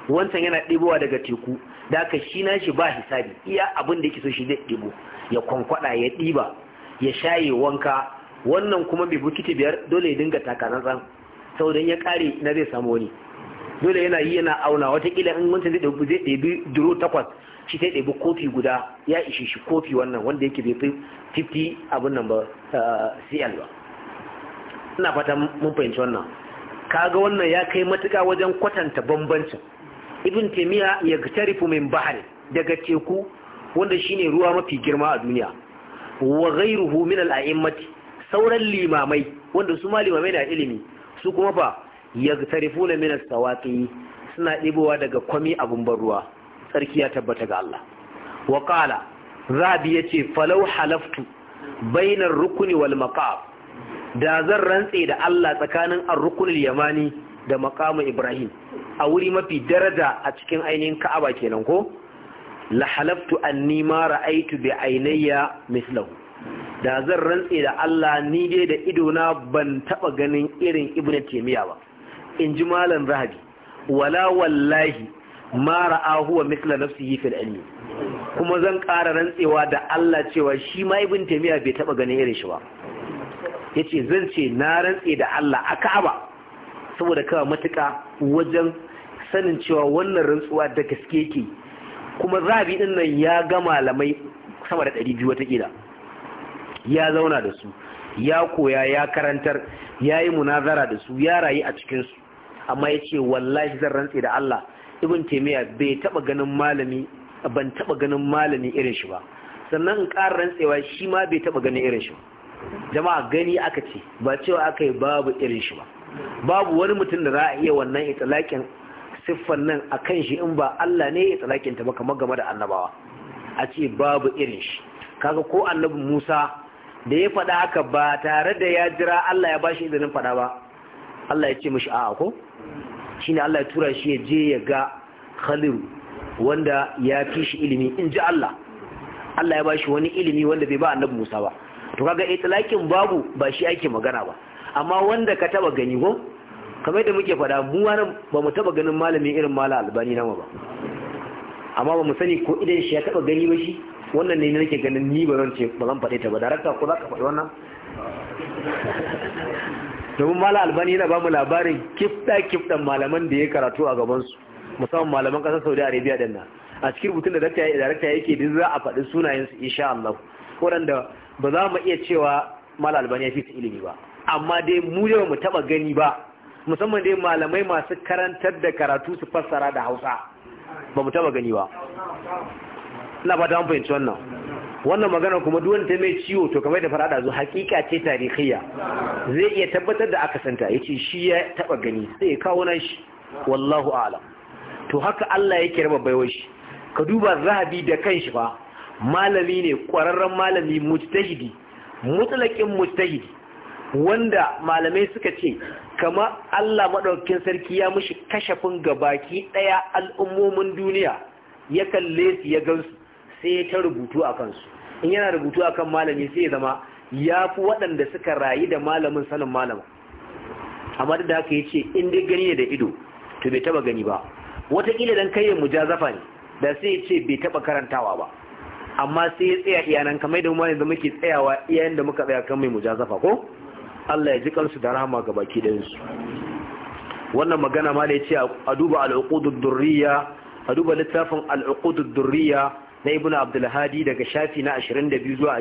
wancan yana ɗebowa daga teku da aka shi na shi ba hisabi iya abin da yake so shi zai ɗebo ya kwankwada ya ɗiba ya shaye wanka wannan kuma bai bukiti biyar dole ya dinga takatsantsan saboda ya kare na zai samu wani dole yana yi yana auna watakila in wancan zai ɗabi duro takwas shi sai ɗabi kofi guda ya ishe shi kofi wannan wanda yake bai fi 50 abin nan ba eh, cl ba ina fata mun fahimci wannan kaga wannan ya kai matuka wajen kwatanta bambancin ibn taimiyya ya tarifu min bahar daga teku wanda shine ruwa mafi girma a duniya wa ghairuhu min al-a'immati sauran limamai wanda su ma limamai na ilimi su kuma fa yagtarifuna min as-sawaqi suna ɗibowa daga kwami abun ban ruwa tsarki ya tabbata ga Allah wa a zabi ce falau halaftu bainar rukuni wal maqam da zan rantse da Allah tsakanin an yamani da maqamu ibrahim a wuri mafi daraja a cikin ainihin ka'aba kenan ko la halaftu anni ma ra'aytu bi aynayya mislahu da zan rantse da Allah ni dai da ido na ban taɓa ganin irin ibnu taymiya ba in ji malam zahabi wala wallahi ma ra'a huwa mithla nafsihi fil ilmi kuma zan ƙara rantsewa da Allah cewa shi ma ibn taymiya bai taba ganin irin shi ba yace zan ce na rantse da Allah a Ka'aba saboda kawa matuka wajen sanin cewa wannan rantsuwa da gaske yake kuma zabi din nan ya ga malamai sama da 200 watakila ya zauna da su ya koya ya karantar ya yi munazara da su ya rayu a cikinsu amma ya ce wallahi zan rantse da Allah ibn taimiyya bai taba ganin malami ban taba ganin malami irin shi ba sannan in ƙara rantsewa shi ma bai taba ganin irin shi jama'a gani aka ce ba cewa aka yi babu irin shi ba babu wani mutum da za a iya wannan itsalakin siffan nan a kan shi in ba Allah ne ya tsalakin ta ba kamar game da annabawa a ce babu irin shi kaga ko annabi Musa da ya faɗa haka ba tare da ya jira Allah ya bashi izinin faɗa ba Allah ya ce mishi a'a ko shine Allah ya tura shi ya je ya ga Khalil wanda ya fi shi ilimi in ji Allah Allah ya bashi wani ilimi wanda bai ba annabi Musa ba to kaga tsalakin babu ba shi ake magana ba amma wanda ka taba gani ko kamar yadda muke fada mu wani ba mu taba ganin malami irin mala albani nama ba amma ba mu sani ko idan shi ya taba gani ba shi wannan ne nake ganin ni ba zan ce ba zan faɗe ta ba darakta ko za ka faɗi wannan domin mala albani yana ba mu labarin kifta kifɗan malaman da ya karatu a gabansu musamman malaman kasar saudi arabia din nan a cikin rubutun da darakta yake duk za a faɗi su insha Allah waɗanda ba za mu iya cewa mala albani ya fi su ilimi ba amma dai mu da mu taɓa gani ba musamman dai malamai masu karantar da karatu su fassara da hausa ba mu taɓa gani ba ina fata an fahimci wannan wannan magana kuma duwan ta mai ciwo to kamar da farada zo hakika ce tarihiya zai iya tabbatar da aka santa ya ce shi ya taba gani sai ya kawo na shi wallahu alam to haka Allah yake raba baiwar shi ka duba zahabi da kanshi ba. malami ne kwararren malami mujtahidi mutlaqin mujtahidi wanda malamai suka ce kama Allah maɗaukin sarki ya mushi kashafin gabaki ɗaya al'ummomin duniya ya kalle su ya gansu sai ta rubutu a kansu in yana rubutu akan malami sai ya zama ya fi waɗanda suka rayu da malamin sanin malama amma da haka ya ce in dai gani ne da ido to bai taba gani ba Watakila don kai mujazafa ne da sai ya ce bai taba karantawa ba amma sai ya tsaya iyanan kamar da mu yanzu muke tsayawa iyayen da muka tsaya kan mai mujazafa ko Allah ya ji kansu da rahama ga baki da ɗayansu wannan magana ma da ya ce a duba al'uqudud durriya a duba littafin al'uqudud durriya na ibn abdul hadi daga shafi na 22 zuwa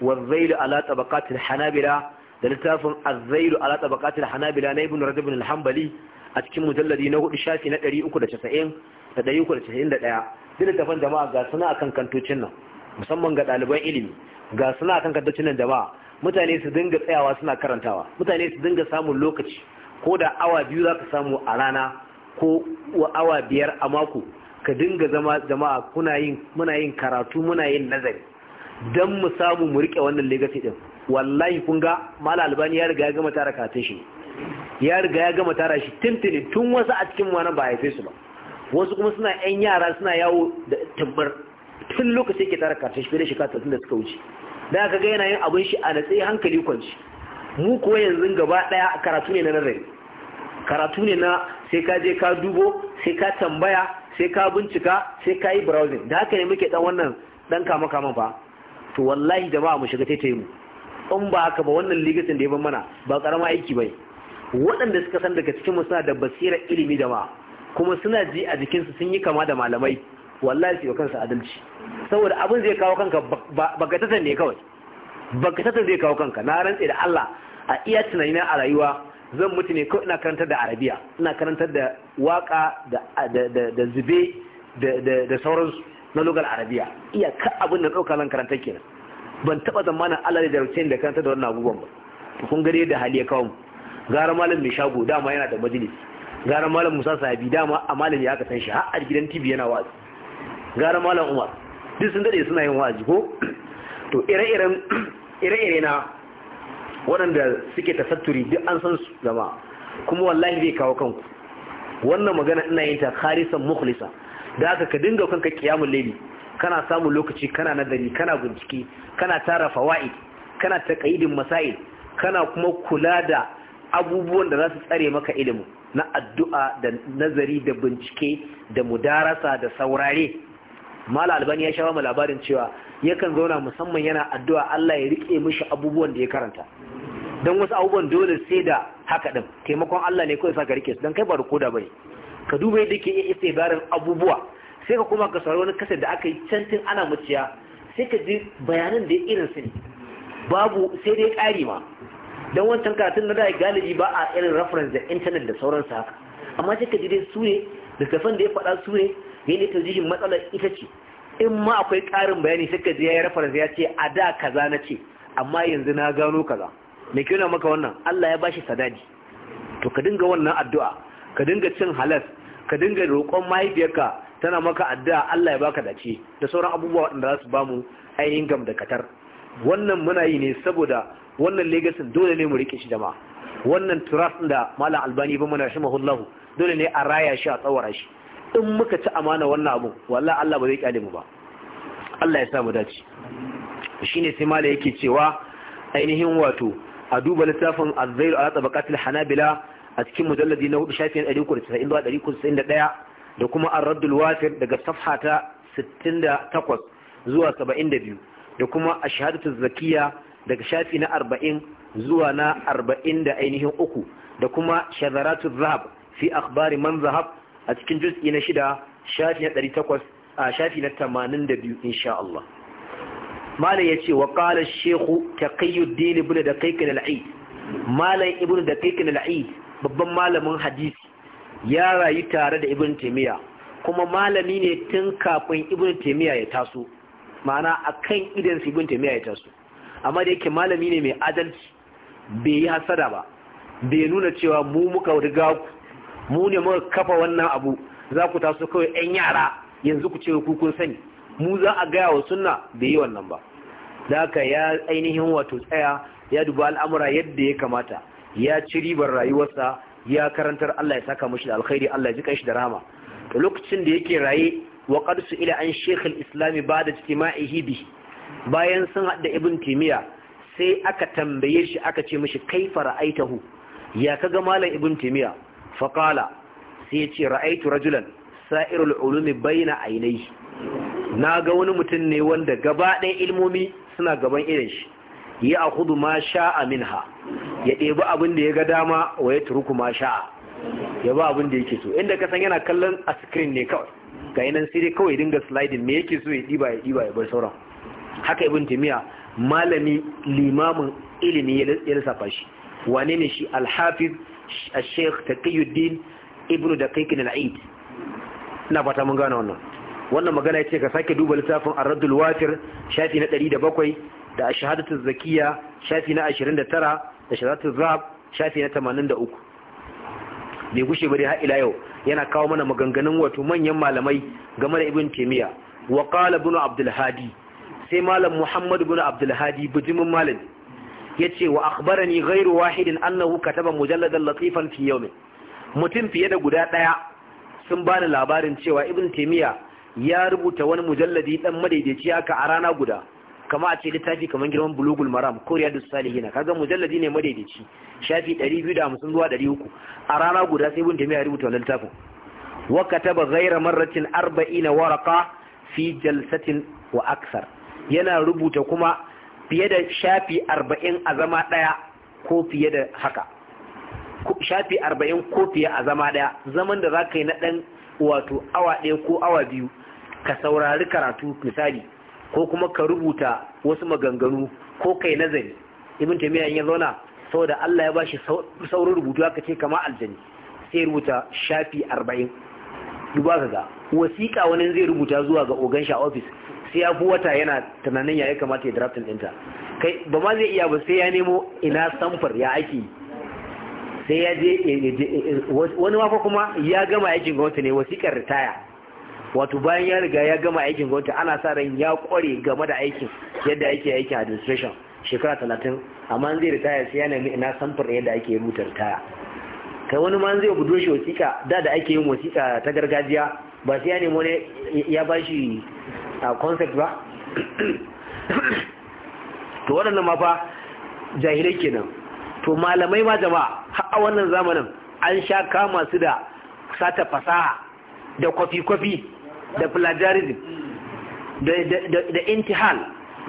25 hanabila da طبقات الحنابلة ala الذيل على طبقات الحنابلة نا ابن al-hanbali a cikin mujalladi na hudu shafi na 390 da 391 duk tafan jama'a ga suna akan kantocin nan musamman ga ɗaliban ilimi ga suna akan kantocin nan jama'a mutane su dinga tsayawa suna karantawa mutane su dinga samun lokaci ko da awa biyu za ka samu a rana ko awa biyar a mako ka dinga zama jama'a kuna yin muna yin karatu muna yin nazari dan mu samu mu rike wannan legacy din wallahi kun ga mala albani ya riga ya gama tara katin shi ya riga ya gama tara shi tintini tun wasu a cikin mu ba haife su ba wasu kuma suna yan yara suna yawo da tabbar tun lokaci yake tara katin shi fiye da shekara 30 da suka wuce da ka ga yana yin abin shi a natsayi hankali kwanci mu kuwa yanzu gaba daya karatu ne na nazari karatu ne na sai ka je ka dubo sai ka tambaya sai ka bincika sai ka yi browsing da haka ne muke dan wannan dan kama kama fa to wallahi jama'a mu shiga taitayi mu in ba haka ba wannan ligasin da ya ban mana ba karama aiki bai waɗanda suka san daga cikin suna da basirar ilimi da ma kuma suna ji a jikinsu sun yi kama da malamai wallahi su kansu adalci saboda abin zai kawo kanka bakatatan ne kawai bakatatan zai kawo kanka na rantse da Allah a iya tunanina a rayuwa zan mutu ne kawai ina karantar da arabiya ina karantar da waka da zube da sauransu na lokal arabiya iya ka abin da ɗauka zan karantar kenan ban taɓa zamanin allah da jarumce da karantar da wannan abubuwan ba to kun gare da hali ya kawo gara malam mai shago dama yana da majalis gara malam musa sahabi dama a malam ya aka san shi har a gidan tv yana wa'azi gara malam umar duk sun daɗe suna yin wa'azi ko to ire-iren ire-ire na waɗanda suke tasatturi duk an san su zama kuma wallahi zai kawo kanku wannan magana ina yin ta kharisan mukhlisa da haka ka dinga kanka kiyamul layli kana samun lokaci kana nazari kana bincike kana tara fawaid kana taqaidin masail kana kuma kula da abubuwan da za su tsare maka ilimi na addu'a da nazari da bincike da mudarasa da saurare mala albani ya shawo labarin cewa yakan zauna musamman yana addu'a Allah ya rike mishi abubuwan da ya karanta don wasu abubuwan dole sai da haka din taimakon Allah ne kawai sa ka rike su don kai ba rukuda bane ka duba yadda ke iya istibarin abubuwa sai ka kuma ka saurari wani kasar da aka yi cantin ana muciya sai ka ji bayanan da irin su ne babu sai dai ƙari ma don wancan karatun na da galibi ba a irin reference da intanet da sauransu haka amma sai ka ji dai su ne littafan da ya faɗa su ne yadda tarjihin matsalar ita ce in ma akwai ƙarin bayani sai ka ji ya yi reference ya ce a da kaza na ce amma yanzu na gano kaza me ke nuna maka wannan Allah ya bashi sadadi to ka dinga wannan addu'a ka dinga cin halas ka dinga roƙon mahaifiyarka tana maka addu'a Allah ya baka dace da sauran abubuwa waɗanda za su bamu ainihin gam da katar wannan muna yi ne saboda wannan legasin dole ne mu rike shi jama'a wannan trust da malam albani ba muna rahimahullahu dole ne a raya shi a tsawara shi in muka ci amana wannan abu wallahi Allah ba zai kyale mu ba Allah ya sa mu dace shine sai mala yake cewa ainihin wato a duba littafin azzairu ala tabaqatil hanabila a cikin mujalladi na hudu shafin 391 da kuma ar-raddul wafir daga safha ta 68 zuwa 72 da kuma a ashhadatu zakiya daga shafi na 40 zuwa na 40 da ainihin uku da kuma shazaratu zahab fi akhbari man zahab a cikin juz'i na shida shafi na 800 a shafi na 82 insha Allah malam yace wa qala shaykhu taqiyuddin ibn daqiq al-aid malam ibn daqiq al-aid babban malamin hadisi ya rayu tare da ibn taymiya kuma malami ne tun kafin ibn taymiya ya taso ma'ana akan idan ibn taymiya ya taso amma da yake malami ne mai adalci bai yi hasara ba bai nuna cewa mu muka riga ku mu ne muka kafa wannan abu za ku taso kawai 'yan yara yanzu ku ce ku kun sani mu za a gaya wa sunna bai yi wannan ba da ya ainihin wato tsaya ya duba al'amura yadda ya kamata ya ci ribar rayuwarsa ya karantar Allah ya saka mashi da alkhairi Allah ya ji shi da rama to lokacin da yake raye wa qad ila an shaykh al-islam da ijtima'ihi bi bayan sun hada ibn timiya sai aka tambaye shi aka ce mishi kaifa ra'aitahu ya kaga malam ibn timiya fa qala sai ya ce ra'aitu rajulan sa'irul ulumi bayna ainihi. na ga wani mutum ne wanda gaba ɗaya ilmomi suna gaban irin shi ya a hudu ma sha'a ha. ya ɗebi abin da ya ga dama wa ya turuku ma sha'a ya ba abin da yake so inda ka san yana kallon a screen ne kawai ga sai dai kawai dinga sliding me yake so ya ɗiba ya ɗiba ya bar sauran haka ibn timiya malami limamin ilimi ya lissafa shi wane ne shi alhafiz shek sheikh taqiyuddin ibn daqiq al-aid ina fata mun gane wannan wannan magana ya ce ka sake duba littafin ar-raddul wafir shafi na 107 da ash-shahadatu zakiyya shafi na 29 da shahadatu zab shafi na 83 bai gushe bari har ila yau yana kawo mana maganganun wato manyan malamai game da ibn taymiya wa qala ibn abdul hadi sai malam muhammad ibn abdul hadi bujumin malam yace wa akhbarani ghairu wahidin annahu kataba mujalladan latifan fi yawmin mutum fiye da guda daya sun bani labarin cewa ibn taymiya ya rubuta wani mujalladi dan madaidaici haka a rana guda kama a ce littafi kamar girman bulugul maram ko riyadus salihina kaga mujalladi ne madaidaici shafi 250 zuwa 300 a rana guda sai bin jami'a rubuta wannan littafin wa kataba ghayra marratin 40 waraqa fi jalsatin wa aksar yana rubuta kuma fiye da shafi 40 a zama daya ko fiye da haka shafi 40 ko fiye a zama daya zaman da zaka yi na dan wato awa ɗaya ko awa biyu ka saurari karatu misali ko kuma ka rubuta wasu maganganu ko kai nazari ibn taymiya ya zauna saboda Allah ya bashi saurin rubutu aka ce kama aljani sai rubuta shafi arba'in. duba ga wasiƙa wani zai rubuta zuwa ga ogan sha ofis sai ya fi wata yana tunanin ya kamata ya drafting ɗinta kai ba ma zai iya ba sai ya nemo ina samfar ya ake sai ya je wani kuma ya gama yakin gwamnati ne wasiƙar ritaya wato bayan ya riga ya gama aikin gwamnati ana sa ran ya kware game da aikin yadda ake aikin administration shekara talatin amma zai ritaya sai ya nemi ina samfur yadda ake yi mutar taya kai wani ma zai gudu shi wasiƙa da da ake yin wasiƙa ta gargajiya ba sai ya nemi wani ya ba shi a concept ba to waɗannan ma fa jahilai kenan to malamai ma jama'a har a wannan zamanin an sha kama su da sata fasaha da kwafi-kwafi da plagiarism da intihal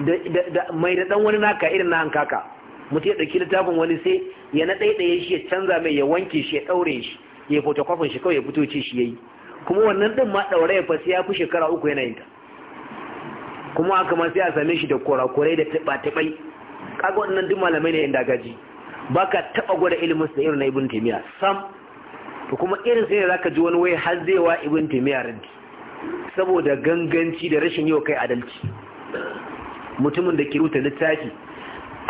da mai da dan wani naka irin na hankaka mutu ya ɗauki littafin wani sai ya na ɗaiɗaya shi ya canza mai ya wanke shi ya ɗaure shi ya fotokofin shi kawai ya fito ce shi ya yi kuma wannan ɗin ma ɗaure ya fasi ya fi shekara uku yana yinta kuma haka ma sai a same shi da korakorai da taɓa-taɓai kaga wannan duk malamai ne yan dagaji ba ka taɓa gwada ilimin sa irin na ibn taimiyya sam to kuma irin sai da ka ji wani wai har zai wa ibn taimiyya rinki saboda ganganci da rashin yau kai adalci mutumin da ke rubuta littafi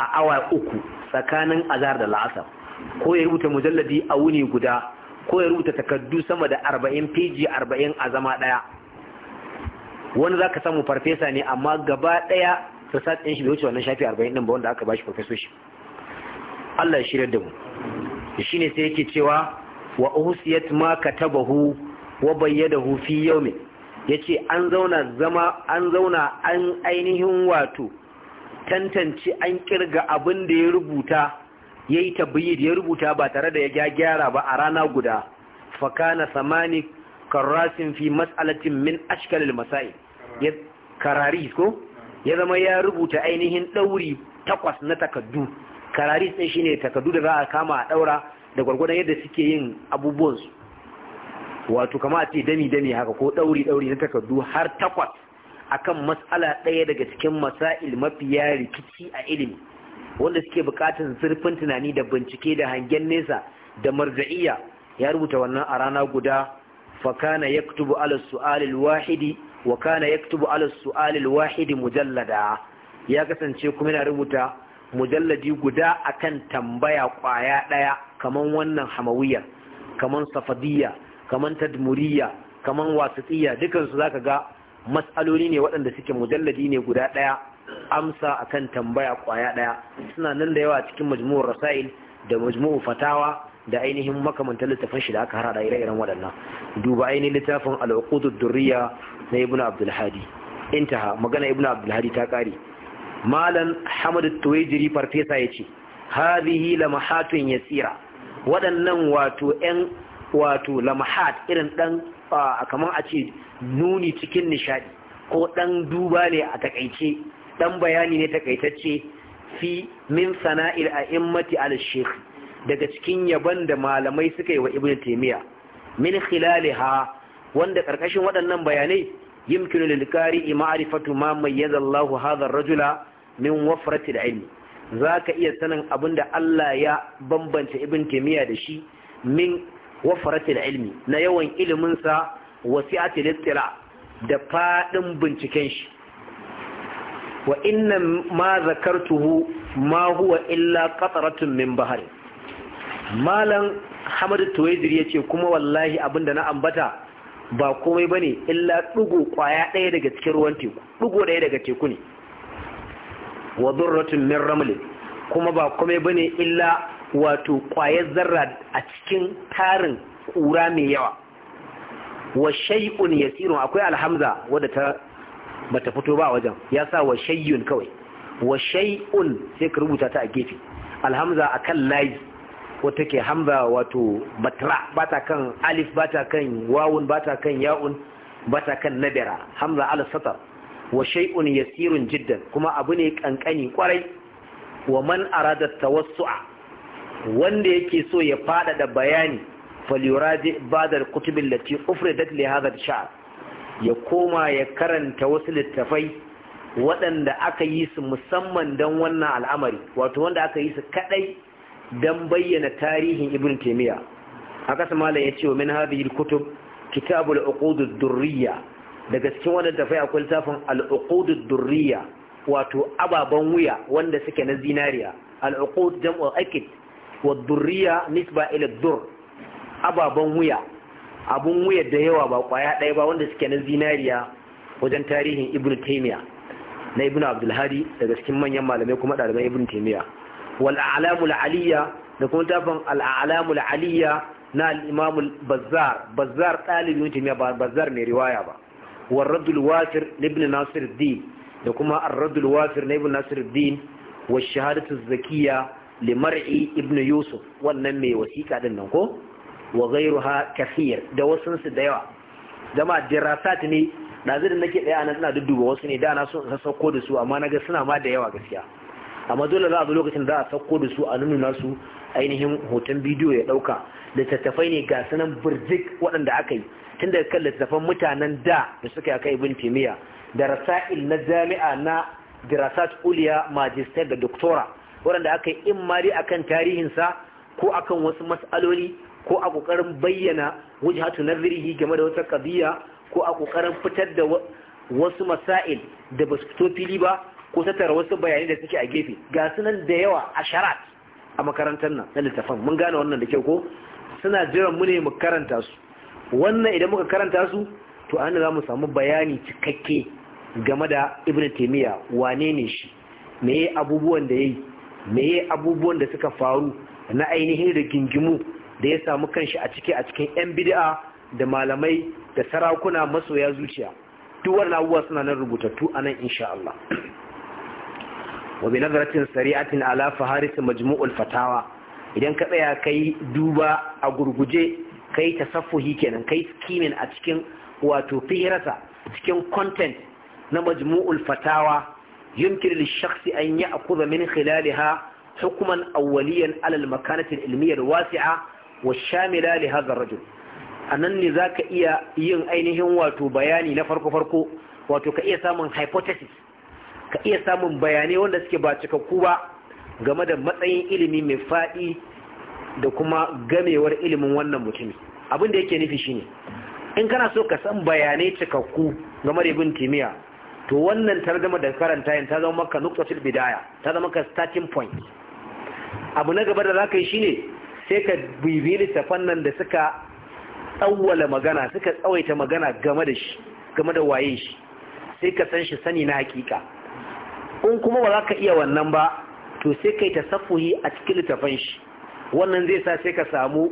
a awa uku tsakanin azar da la'asar ko ya rubuta mujalladi a wuni guda ko ya rubuta takardu sama da arba'in pg arba'in a zama ɗaya wani za ka samu farfesa ne amma gaba ɗaya su sa ɗin shi bai wuce wannan shafi arba'in ɗin ba wanda aka bashi farfesoshi Allah ya shirya da mu shi ne sai yake cewa wa uhsiyat ma katabahu wa bayyadahu fi yawmin yace an zauna zama an zauna an ainihin wato tantance an kirga abin da ya rubuta yayi tabyid ya rubuta ba tare da ya gyara ba a rana guda fakana samani karrasin fi mas'alatin min ashkalil masail ya karari ko ya zama ya rubuta ainihin ɗauri takwas na takaddu karari shi shine takaddu da za a kama a ɗaura da gwargwadon yadda suke yin abubuwansu wato kama a ce dami dami haka ko ɗauri ɗauri na takardu har takwas akan matsala ɗaya daga cikin masail mafiya rikici a ilimi wanda suke buƙatar zurfin tunani da bincike da hangen nesa da marja'iya ya rubuta wannan a rana guda fakana yaktubu ala su'alil wahidi wa kana yaktubu ala su'alil wahidi mujallada ya kasance kuma yana rubuta mujalladi guda akan tambaya kwaya ɗaya kaman wannan hamawiyya kaman safadiyya kaman tadmuriya kaman wasitiya dukansu zaka ga matsaloli ne waɗanda suke mujalladi ne guda ɗaya amsa akan tambaya kwaya ɗaya suna nan da yawa cikin majmu'ur rasail da majmu'u fatawa da ainihin makamantar littafin shi da aka harada ire-iren waɗannan duba ainihin littafin al'uqudud durriya na ibnu abdul hadi intaha magana ibnu abdul hadi ta kare malam hamadu tuwaijiri farfesa ya ce hadhihi ya yasira waɗannan wato 'yan wato lamahat irin dan kamar a ce nuni cikin nishadi ko dan duba ne a takaice dan bayani ne takaitacce fi min sana'il a'immati al-sheikh daga cikin yaban da malamai suka yi wa ibn taymiya min khilaliha wanda karkashin waɗannan bayanai yumkinu lil qari'i ma'rifatu ma mayyaza Allahu hadha rajula min wafrati al-ilm zaka iya sanin abinda Allah ya bambanta ibn taymiya da shi min wafaratil ilmi na yawan iliminsa wasi'atil istira da fadin binciken shi wa inna ma zakartuhu ma huwa illa qatratun min bahar malam Hamad Tuwaidir yace kuma wallahi abinda na ambata ba komai bane illa dugo kwaya daya daga cikin ruwan teku dugo daya daga teku ne wa durratun min ramli kuma ba komai bane illa wato ƙwayar zarra a cikin tarin ƙura mai yawa wa shay'un yasirun akwai alhamza wadda ta bata fito ba wajen ya sa wa shay'un kawai wa shay'un sai ka rubuta ta a gefe alhamza a kan layi wata ke hamza wato batra ta kan alif ba ta kan wawun ba ta kan ya'un ba ta kan nabira hamza ala satar wa shay'un yasirun jiddan kuma abu ne kankani kwarai wa man arada tawassu'a wanda yake so ya faɗaɗa bayani falyuraji badar kutubin lati ufridat li hadha sha'r ya koma ya karanta wasu littafai waɗanda aka yi su musamman don wannan al'amari wato wanda aka yi su kadai don bayyana tarihin ibn taymiya haka malam ya ce wa min hadhihi kutub kitabu al durriya daga cikin wannan akwai littafin al durriya wato ababan wuya wanda suke na zinariya al-uqud jam'u wa nisba ila dur ababen wuya abun wuya da yawa ba kwaya ɗaya ba wanda suke na zinariya wajen tarihin ibn taymiya na ibn abdul hadi daga cikin manyan malamai kuma ɗaliban ibn taymiya wal a'lamul aliyya da kuma tafin al a'lamul aliyya na al imam bazzar bazzar ɗalibin taymiya ba bazzar mai riwaya ba wal radul wasir ibn nasir din da kuma ar radul wasir na ibn nasir din wa shahadatu zakiyya limar'i ibnu yusuf wannan mai wasiƙa din nan ko wa ghayruha kathir da wasu su da yawa jama dirasat ne dazu da nake daya nan ina dudduba wasu ne da na so in sauko da su amma naga suna ma da yawa gaskiya amma dole za a zo lokacin da za a sauko da su a nuna su ainihin hoton bidiyo ya dauka littattafai ne ga sanan birjik waɗanda aka yi tun daga kan littattafan mutanen da da suka yi aka ibn timiya da rasa'il na jami'a na dirasat uliya majistar da doktora waɗanda aka yi in ma dai akan tarihinsa ko akan wasu mas'aloli ko a ƙoƙarin bayyana wujhatu nazarihi game da wata ƙabiya ko a ƙoƙarin fitar da wasu masail da basu su fito fili ba ko tattara wasu bayanai da suke a gefe ga sunan da yawa a sharat a makarantar nan na littafan mun gane wannan da kyau ko suna jiran mu ne mu karanta su wannan idan muka karanta su to an za mu samu bayani cikakke game da ibn taymiya wane ne shi me abubuwan da yayi Me meye abubuwan da suka faru na ainihin rigingimu da ya samu kanshi a ciki a cikin 'yan bid'a da malamai da sarakuna masoya zuciya tuwar na abubuwa suna nan rubutattu a nan insha Allah wabi nazaratin sari'atin ala harisun majmu'ul fatawa idan ka tsaya kai duba a gurguje kai tasaffuhi kenan kai skimin a cikin wato fihirata cikin content na majmu'ul fatawa shaksi يمكن للشخص أن يأخذ من خلالها حكما أوليا على المكانة العلمية الواسعة والشاملة لهذا الرجل anan ne za ka iya yin ainihin wato bayani na farko-farko wato ka iya samun hypothesis ka iya samun bayanai wanda suke ba cikakku ba game da matsayin ilimi mai faɗi da kuma gamewar ilimin wannan mutum. abin da yake nufi shine in kana so ka san bayanai cikakku game da ibn kimiyya? to wannan zama da karanta yin ta zama maka nuktatul bidaya ta zama maka starting point abu na gaba da za ka yi shi ne sai ka bibi littafan nan da suka tsawwala magana suka tsawaita magana game da shi game da waye shi sai ka san shi sani na hakika in kuma ba za ka iya wannan ba to sai ka yi tasaffuhi a cikin littafan shi wannan zai sa sai ka samu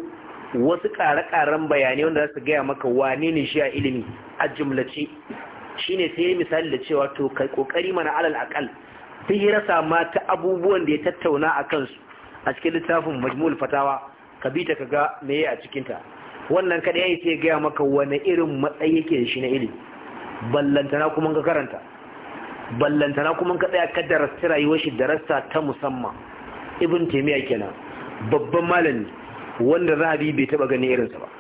wasu ƙare-ƙaren bayanai wanda za su gaya maka wane ne shi a ilimi a jimlace shine sai misali da cewa to kai kokari mana alal aqal sai yi rasa ma ta abubuwan da ya tattauna a kansu a cikin littafin majmul fatawa ka bi ta kaga yi a cikin ta wannan kada yayi sai gaya maka wani irin matsayi yake shi na ilimi ballantana kuma ka karanta ballantana kuma ka tsaya ka darasta rayuwar shi darasta ta musamman ibn taymiya kenan babban malami wanda zahabi bai taba ganin irinsa ba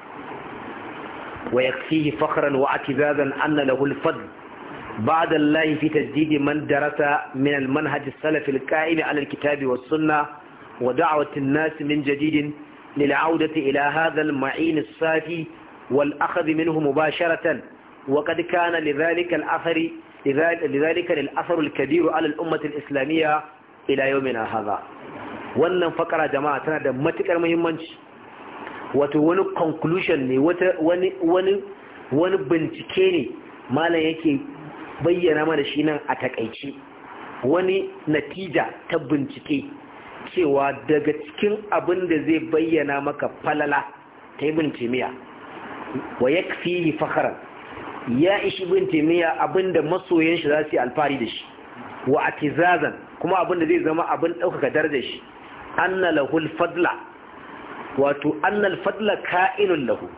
ويكفيه فخرا واعتزازا أن له الفضل بعد الله في تجديد من درس من المنهج السلفي القائم على الكتاب والسنة ودعوة الناس من جديد للعودة إلى هذا المعين الصافي والأخذ منه مباشرة وقد كان لذلك الأثر لذلك الأثر الكبير على الأمة الإسلامية إلى يومنا هذا wannan fakara jama'a tana da matukar muhimmanci wato wani conclusion ne wani bincike ne malam yake bayyana mana shi nan a takaici wani natija ta bincike cewa daga cikin abin da zai bayyana maka falala ta ibn timiya wa yakfihi fakhran ya ishi ibn timiya abinda masoyan shi za su yi alfari da shi wa atizazan kuma abinda zai zama abin ɗaukaka darajar shi anna lahul fadla wato annal fadla ka'inun lahu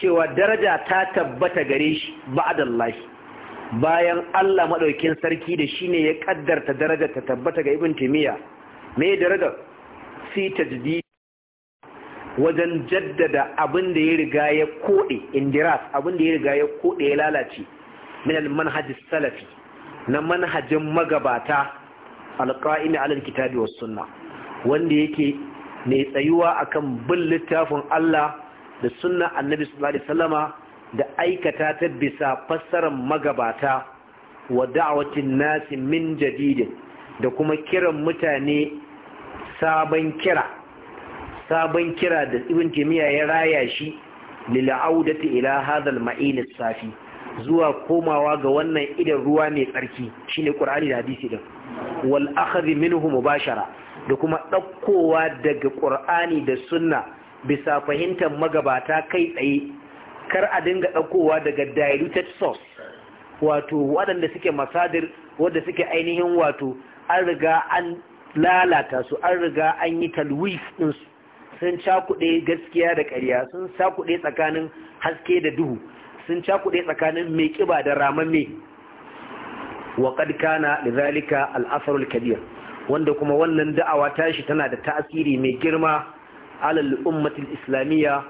cewa daraja ta tabbata gare shi ba'dallahi bayan Allah madaukin sarki da shine ya ƙaddarta daraja ta tabbata ga ibn timiya me daraja fi tajdid wajen jaddada abin da ya riga ya kode indiras abin da ya riga ya kode ya lalace min al salafi na manhajin magabata alqa'imi ala al-kitabi was sunna wanda yake mai tsayuwa akan bin littafin Allah da sunna annabi sallallahu alaihi wasallama da aikata ta bisa fassarar magabata wa da'awatin nasi min jadidin da kuma kiran mutane sabon kira sabon kira da ibn taymiya ya raya shi lil'audati audati ila hadha al ma'in safi zuwa komawa ga wannan idan ruwa mai tsarki shine qur'ani da hadisi din wal akhadh minhu mubashara da kuma ɗaukowa daga ƙur'ani da sunna bisa fahimtar magabata kai tsaye kar a dinga ɗaukowa daga diluted source wato waɗanda suke masadir wadda suke ainihin wato an riga an lalata su an riga an yi talwif ɗinsu sun cakuɗe gaskiya da ƙarya sun cakuɗe tsakanin haske da duhu sun cakuɗe tsakanin mai ƙiba da ramamme wa kad kana lidhalika al-asr wanda kuma wannan da'awa tashi tana da tasiri mai girma alal ummatul islamiyya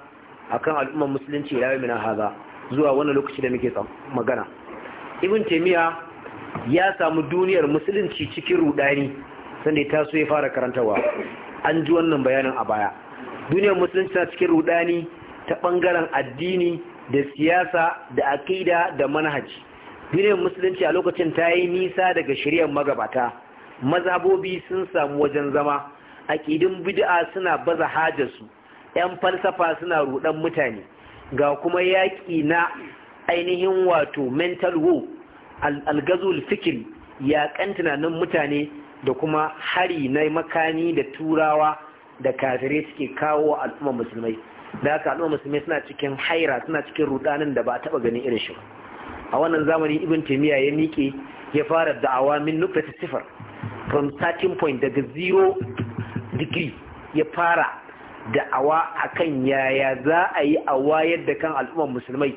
akan al'ummar musulunci ila yawmin hadha zuwa wannan lokaci da muke magana ibn taymiya ya samu duniyar musulunci cikin rudani sanda ta taso ya fara karantawa an ji wannan bayanin a baya duniyar musulunci tana cikin rudani ta bangaren addini da siyasa da aqida da manhaji duniyar musulunci a lokacin ta yi nisa daga shari'ar magabata mazhabobi sun samu wajen zama aƙidin bid'a suna baza hajarsu yan falsafa suna rudan mutane ga kuma yaƙi na ainihin wato mental wo algazul fikir yaƙan tunanin mutane da kuma hari na makani da turawa da kafirai suke kawo al'ummar musulmai da haka al'ummar musulmai suna cikin haira suna cikin rudanin da ba a taba ganin irin shi a wannan zamani ibn taymiya ya miƙe ya fara da'awa min nufata sifar from starting point daga zero degree ya fara da awa akan yaya za a yi a wayar da kan al'ummar musulmai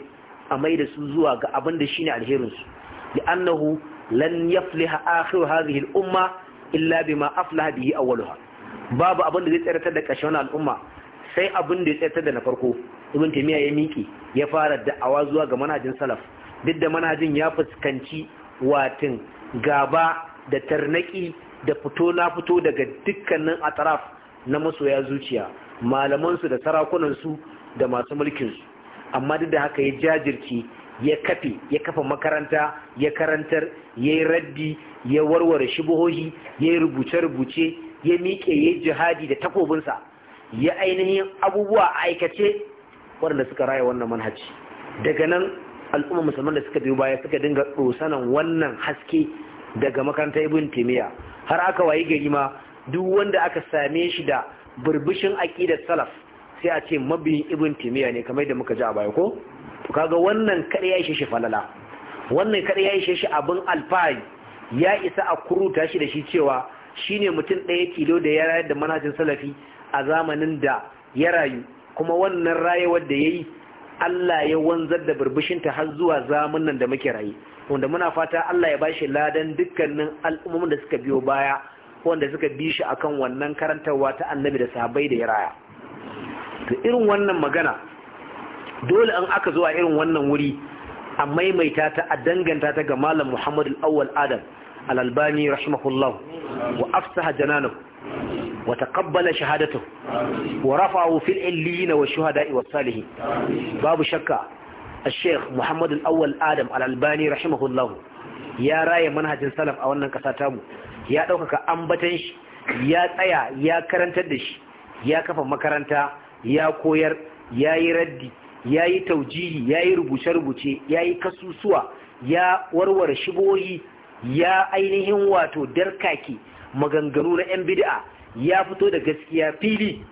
a mai da su zuwa ga abin da shine alherinsu da annahu lan yafliha akhiru hadhihi al-umma illa bima aflaha bihi awwaluha babu abin da zai tsaratar da ƙarshen al'umma sai abin da ya tsaratar da na farko ibn taymiya ya miki ya fara da'awa zuwa ga manhajin salaf duk da manhajin ya fuskanci watin gaba da tarnaki da fito na fito daga dukkanin atraf na masoya zuciya malamansu da sarakunansu da masu mulkinsu amma duk da haka ya jajirce ya kafe ya kafa makaranta ya karantar ya yi raddi ya warware shibohohi ya yi rubuce-rubuce ya miƙe ya jihadi da takobinsa ya ainihin abubuwa a aikace waɗanda suka raya wannan manhaji daga nan al'umma musulman da suka biyo baya suka dinga ɗosanan wannan haske daga makarantar ibn timiya har aka wayi gari ma duk wanda aka same shi da burbushin aqidar salaf sai a ce mabiyin ibn timiya ne kamar da muka ji a baya ko to kaga wannan kada ya ishe shi falala wannan kada ya ishe shi abin alfahari ya isa a kuruta shi da shi cewa shine mutum ɗaya kilo da ya rayar da manajin salafi a zamanin da ya rayu kuma wannan rayuwar da yayi Allah ya wanzar da burbushinta har zuwa zamanin da muke rayu wanda muna fata Allah ya bashi ladan dukkanin al'ummomin da suka biyo baya wanda suka bi shi akan wannan karantarwa ta annabi da sahabbai da yaraya raya to irin wannan magana dole an aka zuwa irin wannan wuri a maimaita ta a danganta ta ga malam Muhammad al-Awwal Adam al-Albani rahimahullah wa afsaha jananu wa taqabbala shahadatu wa rafa'ahu fil illiyina wa shuhada'i was salihin babu shakka A محمد الأول آدم Adam رحمه الله يا راي منهج السلف أو أنك ساتامو يا ya أنبتنش يا تايا يا كرنتدش يا كفا مكرنتا يا كوير يا يردي ya yi taujihi ya yi rubuce-rubuce ya yi kasusuwa ya warware shigohi ya ainihin wato darkaki maganganu na 'yan bid'a ya fito da gaskiya fili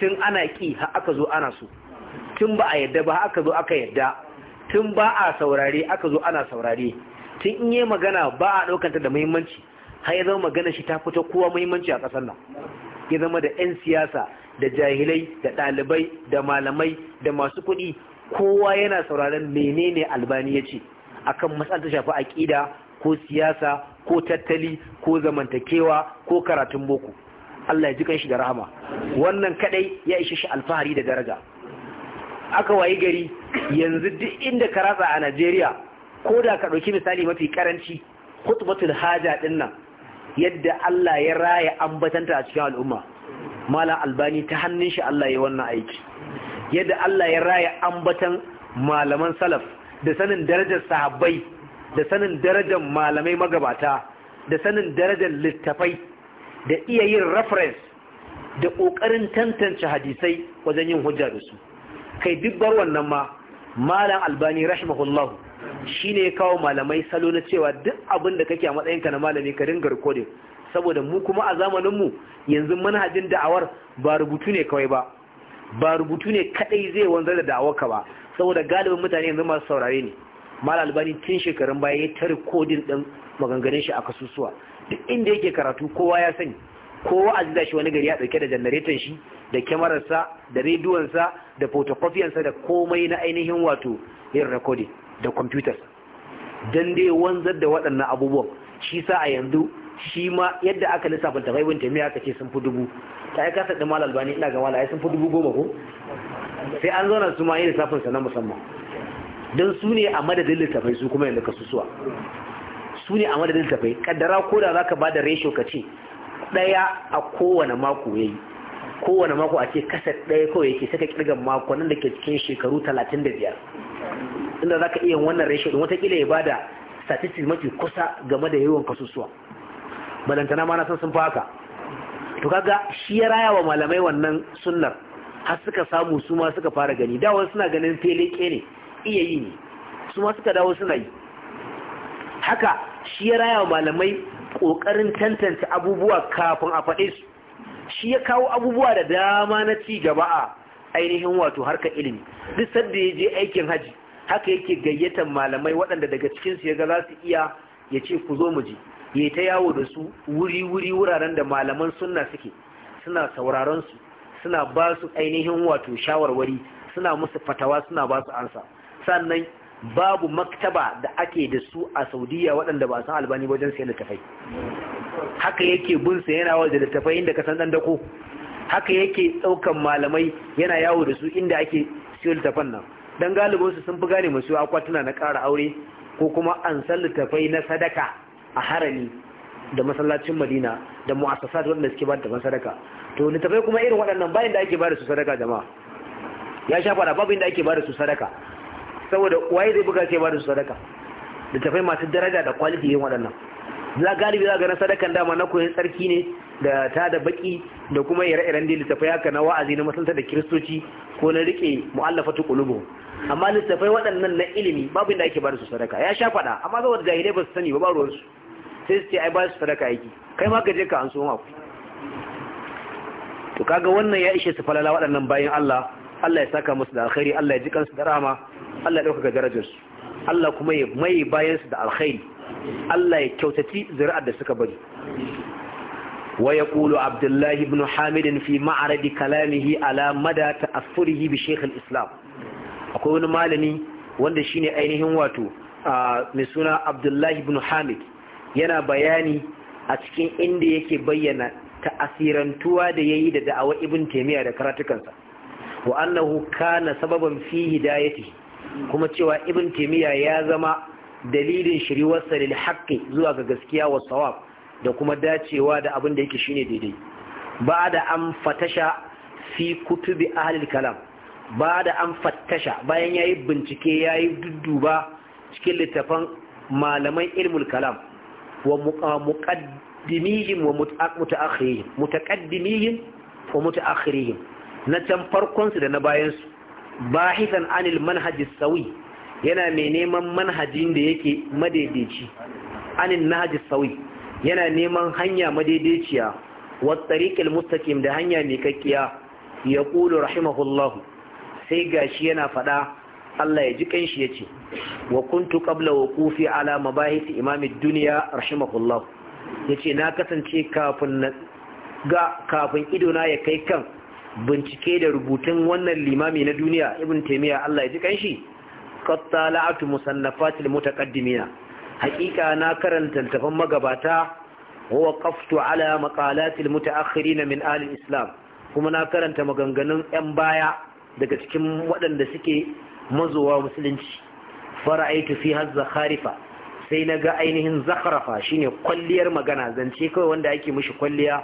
tun ana ƙi har aka zo ana so tun ba a yadda ba aka zo aka yadda tun ba a saurare aka zo ana saurare tun in yi magana ba a ɗaukanta da muhimmanci har ya zama magana shi ta fito kowa muhimmanci a ƙasar nan ya zama da 'yan siyasa da jahilai da ɗalibai da malamai da masu kuɗi kowa yana sauraron menene albani ya ce akan matsalar ta shafi aƙida ko siyasa ko tattali ko zamantakewa ko karatun boko Allah ya ji shi da rahama wannan kadai ya ishe shi alfahari da daraja aka wayi gari yanzu duk inda ka ratsa a Najeriya ko da ka ɗauki misali mafi karanci khutbatul haja din nan yadda Allah ya raya ambatanta a cikin al'umma malam albani ta hannun shi Allah ya wannan aiki yadda Allah ya raya ambatan malaman salaf da sanin darajar sahabbai da sanin darajar malamai magabata da sanin darajar littafai da iya yin reference da ƙoƙarin tantance hadisai wajen yin hujja da su kai duk bar wannan ma malam albani rahimahullahu ne ya kawo malamai salo na cewa duk abin da kake a matsayinka na malami ka dinga recording saboda mu kuma a zamaninmu yanzu manhajin da'awar ba rubutu ne kawai ba ba rubutu ne kadai zai wanzar da da'awarka ba saboda galibin mutane yanzu masu saurare ne mal albani tun shekarun baya ya ta rikodin din maganganun shi a kasusuwa duk inda yake karatu kowa ya sani kowa a zida shi wani gari ya dauke da jannaretan shi da kyamararsa da rediyonsa da photocopyarsa da komai na ainihin wato yin rekodi da computers don dai wanzar da waɗannan abubuwan shi sa a yanzu shi ma yadda aka lissafa ta gaibin taimiyya aka ce sun fi dubu ta yi kasar da malal bani ina ga malal sun fi dubu goma ko sai an zauna su ma yi lissafin sa na musamman don su ne a madadin littafai su kuma yanzu ka suwa? su ne a madadin littafai kaddara ko da za ka ba da ratio ka ce ɗaya a kowane mako ya yi kowane mako a ce kasar ɗaya kawai yake saka mako nan da ke cikin shekaru 35 inda za ka iya wannan rashin ɗin watakila ya bada statistics mafi kusa game da yawan kasusuwa balantana ma na san sun fi haka to kaga shi ya raya wa malamai wannan sunnar har suka samu su ma suka fara gani da suna ganin feleke ne iya yi ne su ma suka dawo suna yi haka shi ya raya wa malamai kokarin tantance abubuwa kafin a faɗe su shi ya kawo abubuwa da dama na ci gaba a ainihin wato harka ilimi duk sanda ya je aikin haji haka yake gayyatar malamai waɗanda daga cikinsu ya ga za su iya ya ce ku zo mu je ya ta yawo da su wuri-wuri wuraren da malaman sunna suke suna sauraron su suna ba su ainihin wato shawarwari suna musu fatawa suna ba su ansa sannan babu maktaba da ake da su a saudiya waɗanda ba san albani wajen sayar da haka yake bin sa yana wajen littafai inda ka san dan dako haka yake daukan malamai yana yawo da su inda ake siyo littafan nan dan galibin su sun fi gane musu akwatuna na ƙara aure ko kuma an san littafai na sadaka a harami da masallacin Madina da mu'assasat wanda suke ba da sadaka to tafai kuma irin waɗannan bayan da ake ba da su sadaka jama'a ya shafa da babu inda ake ba da su sadaka saboda waye zai buga ke ba da su sadaka tafai masu daraja da kwaliti yin waɗannan za galibi za ga na sadakan dama na koyon tsarki ne da ta da baki da kuma ire-iren da littafai haka na wa'azi na masanta da kiristoci ko na rike mu'allafatu qulubu amma littafai waɗannan na ilimi babu inda ake ba su sadaka ya sha faɗa amma da jahilai ba su sani ba ba ruwan su sai su ce ai ba su sadaka yake kai ma ka je ka an so to kaga wannan ya ishe su falala waɗannan bayan Allah Allah ya saka musu da alkhairi Allah ya ji kansu da rahama Allah ya ɗaukaka darajarsu Allah kuma ya mai bayansu da alkhairi Allah ya kyautaci zuri'ar da suka bari wa ya Kulu Abdullahi ibn Hamidin fi ma'aradi kalamihi ala mada ta'affurihi bi Sheikh islam akwai wani malami wanda shine ainihin wato mai suna Abdullahi ibn Hamid yana bayani a cikin inda yake bayyana ta ta'asirantuwa da ya yi da da'awa Ibn Taimiyya da karatukansa wa annahu kana sababan fi hidayati kuma cewa Ibn Taimiyya ya zama dalilin shiriwarsa lil haƙƙi zuwa ga gaskiya wa sawab da kuma dacewa da abin da yake shine daidai ba da an fatasha fi kutubi ahlil kalam ba da an fattasha bayan yayi bincike yayi dudduba cikin littafan malaman ilmul kalam wa muqaddimihim wa mutaakhirihim mutaqaddimihim wa mutaakhirihim na can farkon su da na bayan su bahisan anil manhaj sawi yana mai neman manhajin da yake madaidaici anin nahajis sauyi yana neman hanya madaidaiciya wattariqil mustaqim da hanya mai kakkiya ya ƙudu. rahimahullah sai gashi yana fada Allah ya ji kanshi yace wa kuntu qabla wuqufi ala mabahith imam ad-dunya rahimahullah yace na kasance kafin ga kafin idona ya kai kan bincike da rubutun wannan limami na duniya ibn taymiya Allah ya ji kanshi qad tala'tu musannafat almutaqaddimina haqiqa na karanta tafan magabata wa waqaftu ala maqalat almutaakhirin min ahli islam kuma na karanta maganganun yan baya daga cikin waɗanda suke mazowa musulunci fara'aitu fi hazza kharifa sai na ga ainihin zakharafa shine kwalliyar magana zance kawai wanda ake mishi kwalliya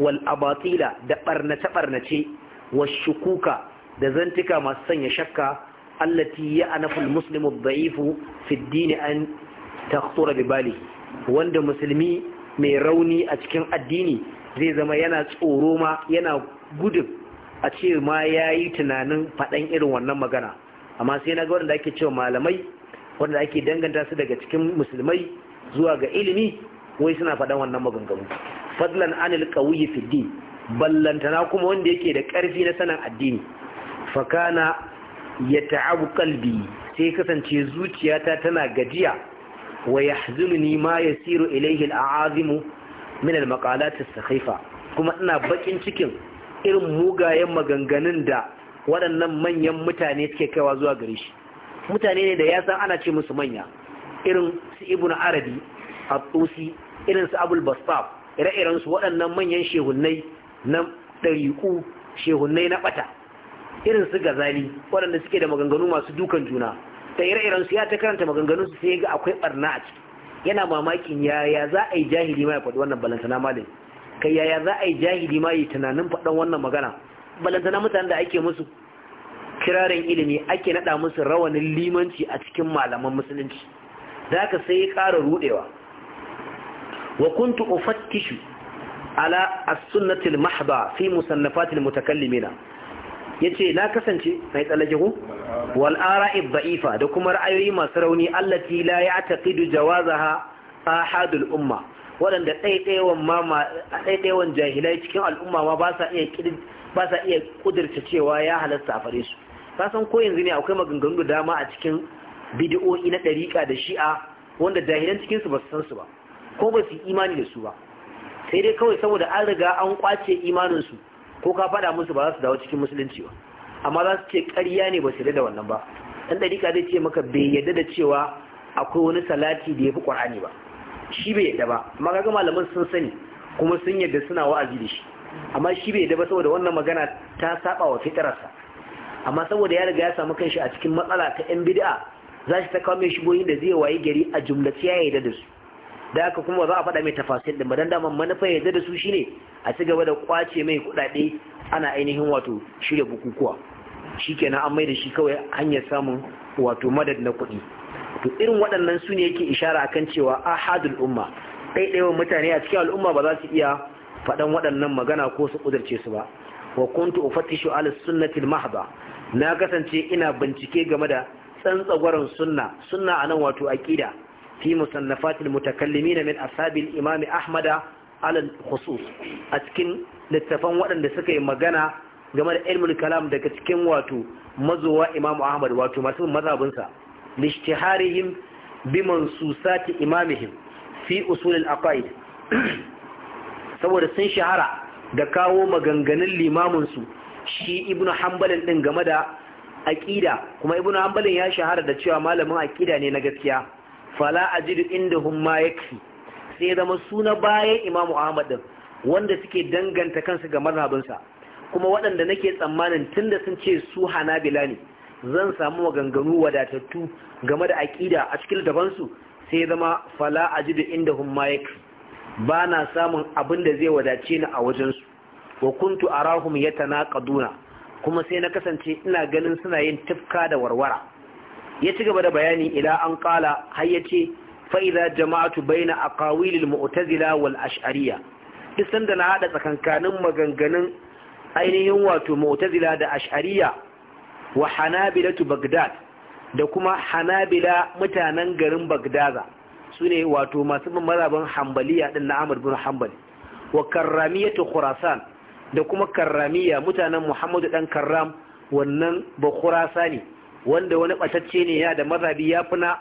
wal abatila da ɓarnace barnace wa shukuka da zantuka masu sanya shakka allati ya anaful muslimu da'ifu fi dini an takhtura bi bali wanda musulmi mai rauni a cikin addini zai zama yana tsoro ma yana gudun a ce ma yayi tunanin faɗan irin wannan magana amma sai na ga wanda ake cewa malamai wanda ake danganta su daga cikin musulmai zuwa ga ilimi wai suna faɗan wannan maganganu fadlan anil qawiyyi fi din ballantana kuma wanda yake da ƙarfi na sanin addini fakana ya ta'abu kalbi sai kasance zuciyata tana gajiya wa ya ni ma ya siru ilaihi al'azimu min maƙala maqalatis kuma ina bakin cikin irin mugayen maganganun da waɗannan manyan mutane suke kaiwa zuwa gare shi mutane ne da ya san ana ce musu manya irin su Aradi, arabi a tsosi irin su abul ire-iren su waɗannan manyan shehunai na ɗariƙu shehunai na ɓata irin su gazali waɗanda suke da maganganu masu dukan juna da ire-iren su ya ta karanta maganganun su sai ga akwai barna a ciki yana mamakin yaya za a yi jahili ma ya faɗi wannan balantana malin kai yaya za a yi jahili ma yi tunanin faɗan wannan magana balantana mutanen da ake musu kirarin ilimi ake naɗa musu rawanin limanci a cikin malaman musulunci da ka sai ya ƙara ruɗewa wa kuntu ufattishu ala as-sunnatil mahdha fi al mutakallimina Ya ce na kasance mai tsallake ko wal da kuma ra'ayoyi masu rauni allati la ya'taqidu jawazaha ahadul umma waɗanda ɗaiɗaiwan jahilai cikin al'umma ma ba sa iya ba cewa ya halatta a fare su ka san ko yanzu ne akwai maganganu da dama a cikin bidiyo'i na ɗariƙa da shi'a wanda jahilan cikinsu su ba su san su ba ko ba su imani da su ba sai dai kawai saboda an riga an kwace imanin su ko ka fada musu ba za su dawo cikin musulunci ba amma za su ce ƙarya ne ba su yarda da wannan ba dan dariƙa zai ce maka bai yarda da cewa akwai wani salati da ya fi ƙur'ani ba shi bai yarda ba amma kaga malaman sun sani kuma sun yarda suna wa'azi da shi amma shi bai yarda ba saboda wannan magana ta saba wa fitararsa amma saboda ya riga ya samu kanshi a cikin matsala ta yan bid'a za shi ta kawo mai shigoyin da zai wayi gari a jumlace ya yarda da su da aka kuma za a faɗa mai tafasil din don daman manufa ya yarda da su shine a ci gaba da kwace mai kuɗaɗe ana ainihin wato shirya bukukuwa shi kenan an mai da shi kawai hanyar samun wato madad na kuɗi to irin waɗannan su ne yake ishara akan cewa ahadul umma ɗaiɗaiwan mutane a cikin al'umma ba za su iya faɗan waɗannan magana ko su ƙudurce su ba wa kuntu ufattishu ala sunnatil mahda na kasance ina bincike game da tsantsagwaron sunna sunna anan wato aqida fi musannafatil mutakallimin min ashabil imami ahmada alal khusus a cikin littafan waɗanda suka yi magana game da ilmul kalam daga cikin wato mazuwa Imam ahmad wato masu mazhabinsa lishtiharihim bi mansusati imamihim fi usulin aqaid saboda sun shahara da kawo maganganun limamin su shi ibnu hanbalin din game da aqida kuma ibnu hanbalin ya shahara da cewa malamin aqida ne na gaskiya fala ajidu indahum ma yakfi sai zama suna bayan imamu ahmad din wanda suke danganta kansu ga mazhabinsa kuma waɗanda nake tsammanin tunda sun ce su hanabila ne zan samu maganganu wadatattu game da aƙida a cikin su sai zama fala ajidu indahum ma yakfi ba na samun abin da zai wadace ni a wajensu wa kuntu arahum yatanaqaduna kuma sai na kasance ina ganin suna yin tifka da warwara ya ci gaba da bayani ila an kala har ya ce fa'iza jama'atu baina aqawilil mu'tazila wal ash'ariya disanda da na hada tsakankanin maganganun ainihin wato mu'tazila da ash'ariya wa hanabilatu bagdad da kuma hanabila mutanen garin bagdaza su ne wato masu mazhaban hambaliya din na Ahmad bin Hanbal wa karramiyatu khurasan da kuma karramiya mutanen Muhammadu dan Karram wannan ba khurasani wanda wani batacce ne ya da mazhabi ya fi na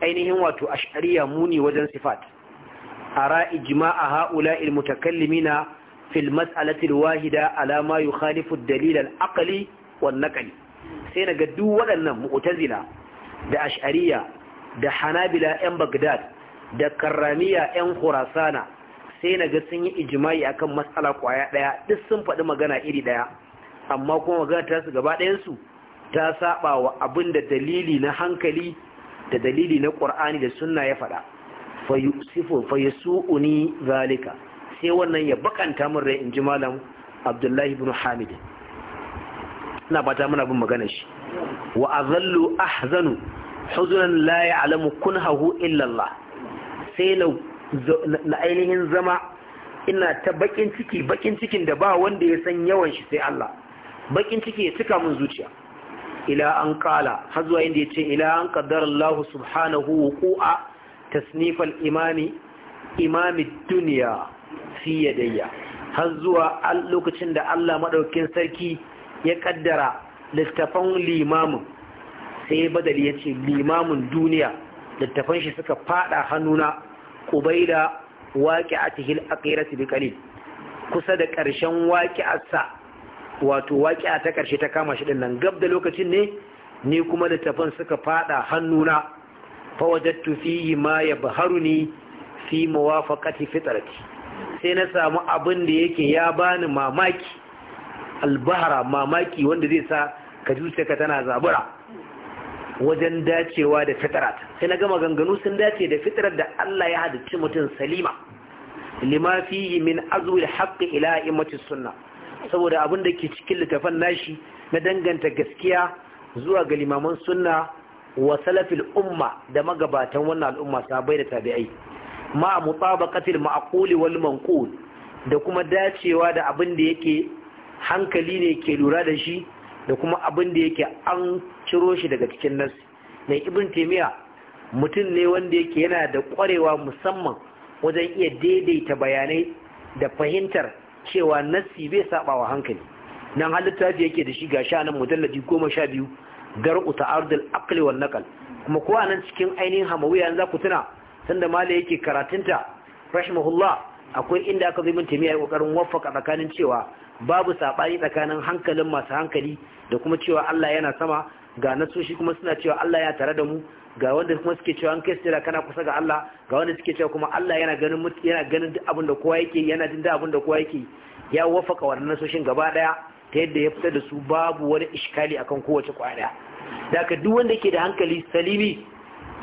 ainihin wato ash'ariya muni wajen sifat ara ijma'a haula ilmutakallimi na fil mas'alati wahida alama ma yukhalifu dalilan akali wa aqli sai naga duk waɗannan mu'tazila da ash'ariya da hanabila yan bagdad da karramiya yan khurasana sai naga sun yi ijima'i akan matsala kwaya ɗaya duk sun faɗi magana iri ɗaya. amma kuma magana ta su gaba ɗayan su ta saba wa abin da dalili na hankali da dalili na ƙur'ani da suna ya faɗa su'uni zalika sai wannan ya bakanta min rai in ji malam abdullahi bin hamid ina ta muna bin magana shi wa a azallu zanu, huzunan laye alamu kun illa Allah sai na ainihin zama ina ta bakin ciki bakin cikin da ba wanda ya san yawan shi sai Allah bakin ciki ya cika min zuciya ila an kala har zuwa inda yace ila an qaddara Allah subhanahu wuqu'a tasnif al-imami imami dunya fi yadayya har zuwa lokacin da Allah madaukin sarki ya kaddara littafan limamin sai badali yace limamin duniya littafan shi suka fada hannuna qubaila waqi'atihi al-aqirati qalil kusa da ƙarshen waqi'atsa wato a ta ƙarshe ta kama shi nan gab da lokacin ne ni kuma tafan suka fada hannuna fawajattu fihi ma yabharuni fi muwafaqati fitrati sai na samu abin da yake ya bani mamaki albahara mamaki wanda zai sa ka zuciyarka tana zabura wajen dacewa da fitrat sai na gama ganganu sun dace da fitrar da Allah ya halicci mutum salima lima fihi min azwil haqqi ila imati sunnah saboda abin da ke cikin littafan nashi na danganta gaskiya zuwa ga limaman sunna wa salafil umma da magabatan wannan al'umma sahabbai da tabi'ai ma mutabaqatil ma'quli wal manqul da kuma dacewa da abin da yake hankali ne ke lura da shi da kuma abin da yake an ciro shi daga cikin nas mai ibn taymiya mutum ne wanda yake yana da ƙwarewa musamman wajen iya daidaita bayanai da fahimtar cewa nassi bai saba wa hankali nan hal littafi yake da shi ga sha nan mujalladi goma sha biyu dar'u ta'arudul aqli wal naql kuma ko nan cikin ainihin hamawiya za ku tuna sanda mala yake karatunta rahimahullah akwai inda aka zo min tamiya kokarin waffaka tsakanin cewa babu sabani tsakanin hankalin masu hankali da kuma cewa Allah yana sama ga nasoshi kuma suna cewa Allah ya tare da mu ga wanda kuma suke cewa an kai kana kusa ga Allah ga wanda suke cewa kuma Allah yana ganin mutu yana ganin duk abin da kowa yake yana jin duk abin da kowa yake ya wafaka wannan nasoshin gaba daya ta yadda ya fitar da su babu wani iskali akan kowace kwaya da ka duk wanda yake da hankali salimi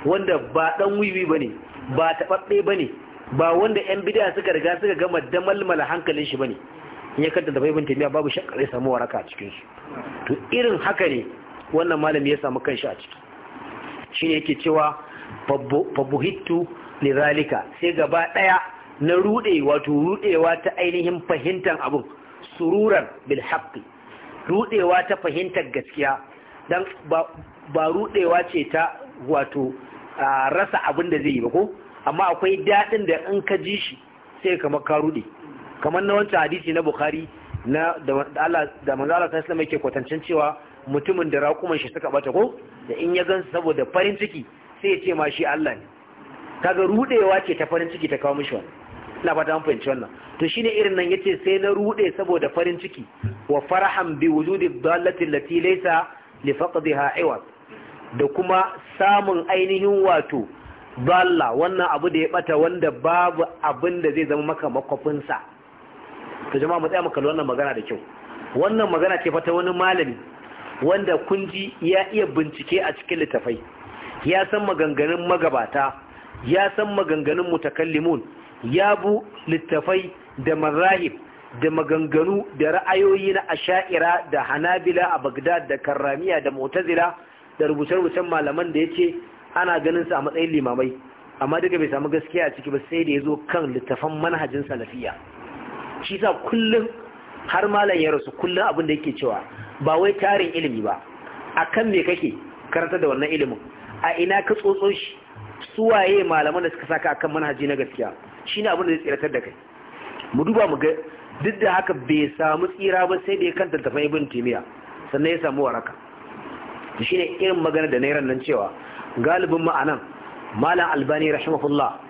wanda ba dan wiwi bane ba tababbe bane ba wanda yan bid'a suka riga suka gama damalmala hankalin shi bane in ya kanta bai baibin tabiya babu shakka zai samu waraka a cikin shi to irin haka ne wannan malami ya samu kanshi a ciki shine yake cewa fabuhittu zalika sai gaba ɗaya na rude wato rudewa ta ainihin fahimtar abun sururan bil haqqi rudewa ta fahimtar gaskiya dan ba ba rudewa ce ta wato rasa abin da zai yi ba ko amma akwai daɗin da in ka ji shi sai kamar ka rude kamar na wancan hadisi na bukhari na da Allah da manzo Allah sallallahu yake kwatancin cewa mutumin da raƙuman shi suka bata ko da in ya gansu saboda farin ciki sai ya ce ma shi Allah ne kaga rudewa ce ta farin ciki ta kawo mishi wannan ina fata an fahimci wannan to shine irin nan yace sai na rude saboda farin ciki wa farahan bi wujudi dallati lati laysa li faqdiha iwad da kuma samun ainihin wato dalla wannan abu da ya bata wanda babu abin da zai zama maka makofin sa to jama'a mu tsaya mu kalli wannan magana da kyau wannan magana ce fa ta wani malami wanda kunji ya iya bincike a cikin littafai ya san maganganun magabata ya san maganganun mutakallimun ya bu littafai da marahib da maganganu da ra'ayoyi na asha'ira da hanabila a bagdad da karramiya da mutazila da rubuce-rubucen malaman da ya ce ana ganin su a matsayin limamai amma duka bai samu gaskiya a ciki ba sai da ya zo kan littafan manhajin salafiya shi sa kullum har malam ya rasu kullum abin da yake cewa ba wai tarin ilimi ba a kan me kake karanta da wannan ilimin a ina ka tsotso shi suwaye malaman da suka saka akan manhaji na gaskiya shine abin da zai tsiratar da kai mu duba mu ga duk da haka bai samu tsira ba sai da ya kanta tafai ibn timiya sannan ya samu waraka shine irin magana da nairan nan cewa galibin ma'anan malam albani rahimahullah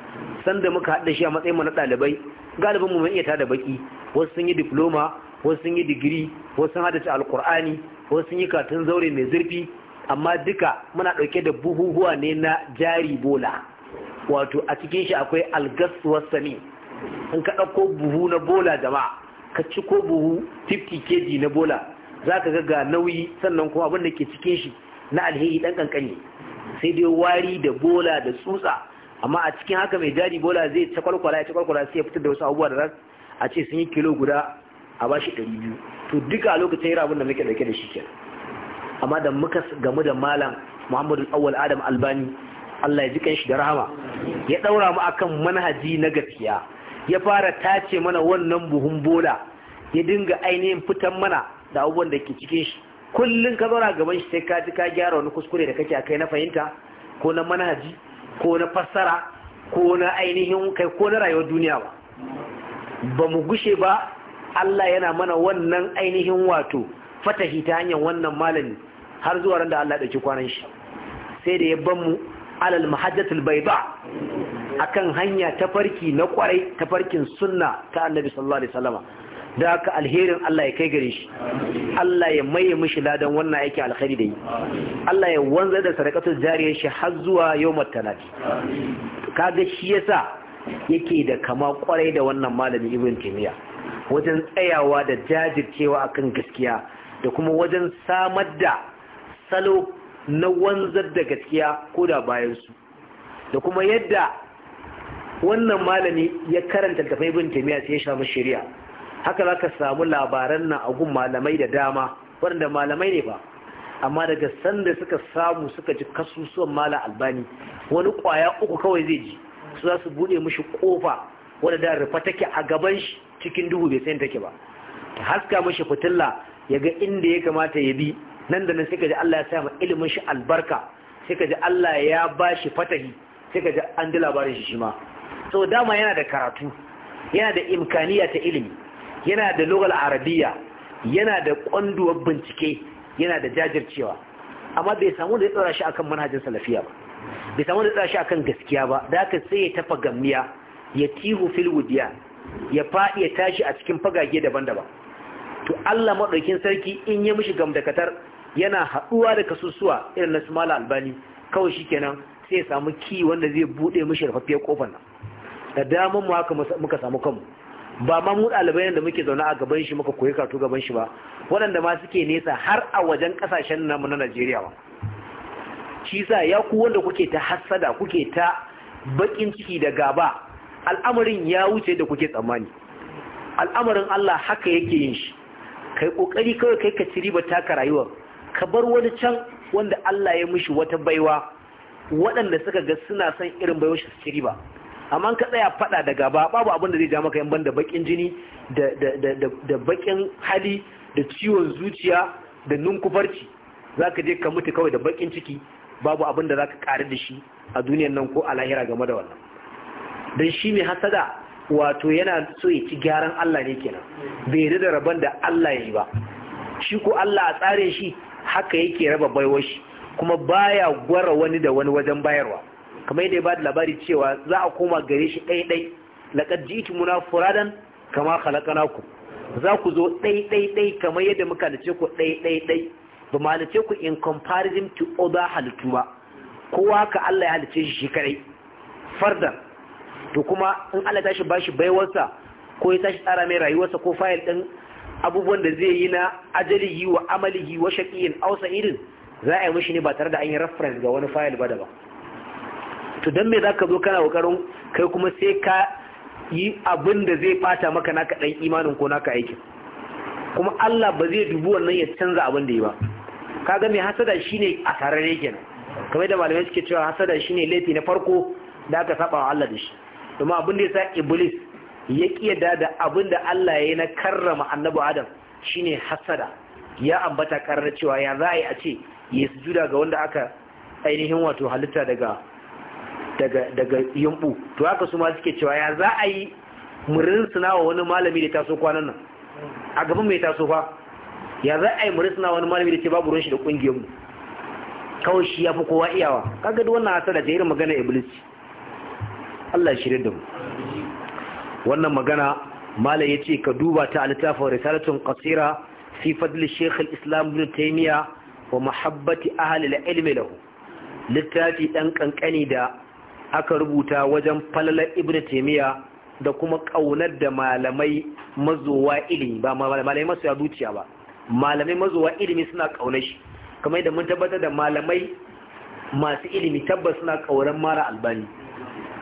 sanda muka haɗa shi a matsayin mu na ɗalibai galibin mu mun iya tada baki wasu sun yi diploma Ko sun yi digiri ko sun haddace alkur'ani ko sun yi katun zaure mai zurfi amma duka muna ɗauke da buhuhuwa ne na jari bola wato a cikin shi akwai algaswar sami in ka ɗauko buhu na bola jama'a ka ci ko buhu 50 kg na bola za ka ga nauyi sannan kuma abin da ke cikin shi na alheri ɗan ƙanƙani sai dai wari da bola da tsutsa amma a cikin haka mai jari bola zai cakwalkwala ya cakwalkwala sai ya fitar da wasu abubuwa da a ce sun yi kilo guda a ba shi ɗari biyu to duka a lokacin yara abinda da muke ɗauke da shi ke amma da muka gamu da malam muhammadu awwal adam albani allah ya ji shi da rahama ya ɗaura mu akan manhaji na gaskiya ya fara tace mana wannan buhun bola ya dinga ainihin fitan mana da abubuwan da ke cikin shi kullum ka zaura gaban shi sai ka ji ka gyara wani kuskure da kake a kai na fahimta ko na manhaji ko na fassara ko na ainihin kai ko na rayuwar duniya ba ba mu gushe ba Allah yana mana wannan ainihin wato fatahi ta hanyar wannan malami har zuwa ran da Allah ya kwanan shi sai da ya ban mu alal mahajjatul bayda akan hanya tafarki na kwarai tafarkin sunna ta annabi sallallahu alaihi wasallama da aka alherin Allah ya kai gare shi Allah ya maye mishi ladan wannan aiki alkhairi da yi Allah ya wanzar da sadakatul jariyar shi har zuwa yawmat talati kaga shi yasa yake da kama kwarai da wannan malami ibn taymiya wajen tsayawa da jajircewa akan gaskiya da kuma wajen samar da salo na wanzar da gaskiya ko da bayansu da kuma yadda wannan malami ya karanta tafai bin tamiya sai ya shamu shari'a haka za ka samu labaran nan a malamai da dama waɗanda malamai ne ba amma daga sanda suka samu suka ji kasusuwan mala albani wani kwaya uku kawai zai ji su za su buɗe mashi ƙofa wadda da rufa take a gaban shi cikin duhu bai san take ba ta haska mashi fitilla ya ga inda ya kamata ya bi nan da nan sai ka ji Allah ya sa ma ilimin shi albarka sai kaji Allah ya ba shi fatahi sai kaji ji an ji labarin shi shi ma so dama yana da karatu yana da imkaniya ta ilimi yana da lugal arabiya yana da kwanduwar bincike yana da jajircewa amma bai samu da ya tsara shi akan manhajin salafiya ba bai samu da ya tsara shi akan gaskiya ba da haka sai ya tafa gammiya ya tihu fil wudiyan ya faɗi ya tashi a cikin fagage daban-daban to Allah maɗaukin sarki in ya mishi gamdakatar yana haɗuwa da kasusuwa irin na sumala albani kawai shikenan sai ya samu ki wanda zai buɗe mishi rafaffiyar kofar nan da damar mu haka muka samu kanmu ba ma mu ɗalibai da muke zaune a gaban shi muka koyi karatu gaban shi ba waɗanda ma suke nesa har a wajen ƙasashen namu na Najeriya ba shi sa ya ku wanda kuke ta hassada kuke ta bakin ciki da gaba al'amarin ya wuce da kuke tsammani al'amarin Allah haka yake yin shi kai kokari kawai kai ka ci riba taka rayuwar ka bar wani can wanda Allah ya mishi wata baiwa waɗanda suka ga suna son irin baiwar shi su ci amma ka tsaya faɗa da gaba babu abin da zai ja maka yan banda bakin jini da da bakin hali da ciwon zuciya da nunkufarci zaka je ka mutu kawai da bakin ciki babu abin da zaka ƙari da shi a duniyar nan ko a lahira game da wannan don shi mai hasada wato yana so ya ci gyaran Allah ne kenan bai yi da rabon da Allah ya yi ba shi ko Allah a tsare shi haka yake raba baiwar shi kuma baya gwara wani da wani wajen bayarwa kamar yadda ya ba da labari cewa za a koma gare shi ɗai ɗai laƙar ji muna furadan kama halakana ku za ku zo ɗaiɗaiɗai kamar yadda muka halice ku ɗaiɗaiɗai ba ma halice ku in comparison to other halittu ba kowa ka Allah ya halice shi shi kaɗai fardan to kuma in Allah tashi bashi baiwarsa ko ya tashi tsara mai rayuwarsa ko fayil din abubuwan da zai yi na ajalihi wa amalihi wa shaqiyin aw sa'idin za a yi mishi ne ba tare da an yi reference ga wani fayil ba da ba to dan me zaka zo kana kokarin kai kuma sai ka yi abin da zai bata maka naka dan imanin ko naka aikin kuma Allah ba zai dubi wannan ya canza abin da yi ba kaga mai hasada shine a tarare kenan kamar da malamai suke cewa hasada shine laifi na farko da aka saba wa Allah da shi domin abin da ya sa iblis ya kiyada da abin da Allah ya yi na karrama annabi adam shine hasada ya ambata karar cewa ya za a yi a ce ya sujuda ga wanda aka ainihin wato halitta daga daga daga yumbu to haka su ma suke cewa ya za a yi murin suna wa wani malami da taso kwanan nan a gaban mai taso fa ya za a yi murin suna wani malami da ce babu ruwan shi da kungiyar mu kawai shi ya fi kowa iyawa kaga duk wannan hasada ta irin magana iblis Allah ya shirye da mu wannan magana ya ce ka duba ta a littafin risalatun qasira fi Fadli sheikh al-islam ibn taymiya wa mahabbati ahli al-ilm lahu littafi dan kankani da aka rubuta wajen falala ibn taymiya da kuma kaunar da malamai mazuwa ilimi ba malamai masu ya zuciya ba malamai mazuwa ilimi suna kaunar shi kamar da mun tabbatar da malamai masu ilimi tabbas suna kaunar mara albani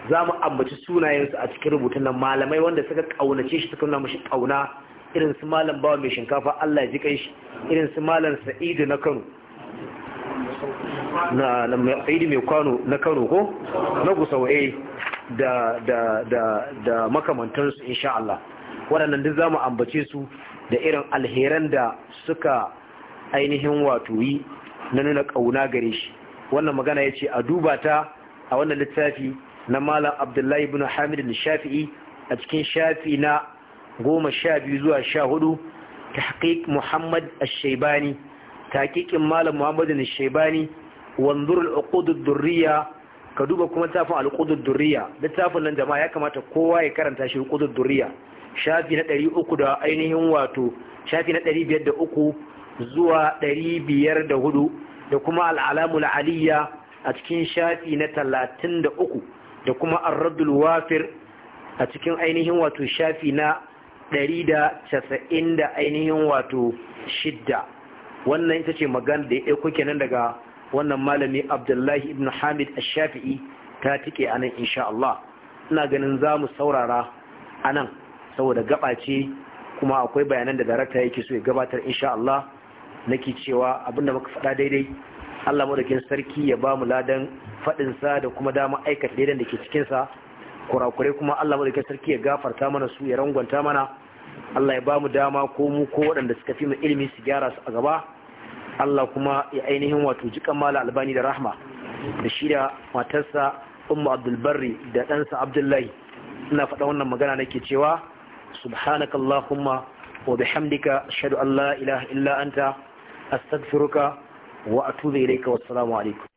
za mu ambaci sunayensu a cikin rubutun nan malamai wanda suka kaunace shi suka nuna mashi kauna irin su malam bawa mai shinkafa Allah ya ji kai shi irin su malam sa'idu na Kano na sa'idu mai kwano na Kano ko na eh, da da da da makamantansu insha Allah waɗannan duk za mu ambace su da irin alheran da suka ainihin wato yi na nuna kauna gare shi wannan magana ya ce a duba ta a wannan littafi na malam abdullahi ibn hamid al-shafi'i a cikin shafi na goma sha biyu zuwa sha hudu tahqiq muhammad al-shaibani tahqiqin malam muhammad al-shaibani wanzur al-uqud ad-durriya ka duba kuma tafin al-uqud ad-durriya littafin nan jama'a ya kamata kowa ya karanta shi al-uqud ad-durriya shafi na 300 da ainihin wato shafi na 503 zuwa 504 da kuma al'alamul aliyya a cikin shafi na 33 da kuma arradul wafir a cikin ainihin wato shafi na 190 da ainihin wato shidda wannan ita ce magana da ya ɗauko kenan daga wannan malami abdullahi ibn hamid ash-shafi'i ta tike a nan insha Allah ina ganin za mu saurara a nan saboda gaba ce kuma akwai bayanan da darakta yake so ya gabatar insha Allah nake cewa abinda muka faɗa daidai Allah madaukin sarki ya ba mu ladan faɗin sa da kuma dama aikata daidan da ke cikin sa kurakurai kuma Allah madaukin sarki ya gafarta mana su ya rangwanta mana Allah ya ba mu dama ko mu ko waɗanda suka fi mu ilimi su gyara su a gaba Allah kuma ya ainihin wato jikan mala albani da rahma da shida matarsa ummu abdul barri da ɗansa abdullahi ina faɗa wannan magana nake cewa subhanakallahumma wa bihamdika ashhadu an la ilaha illa anta astaghfiruka wa atubu ilayka wassalamu alaikum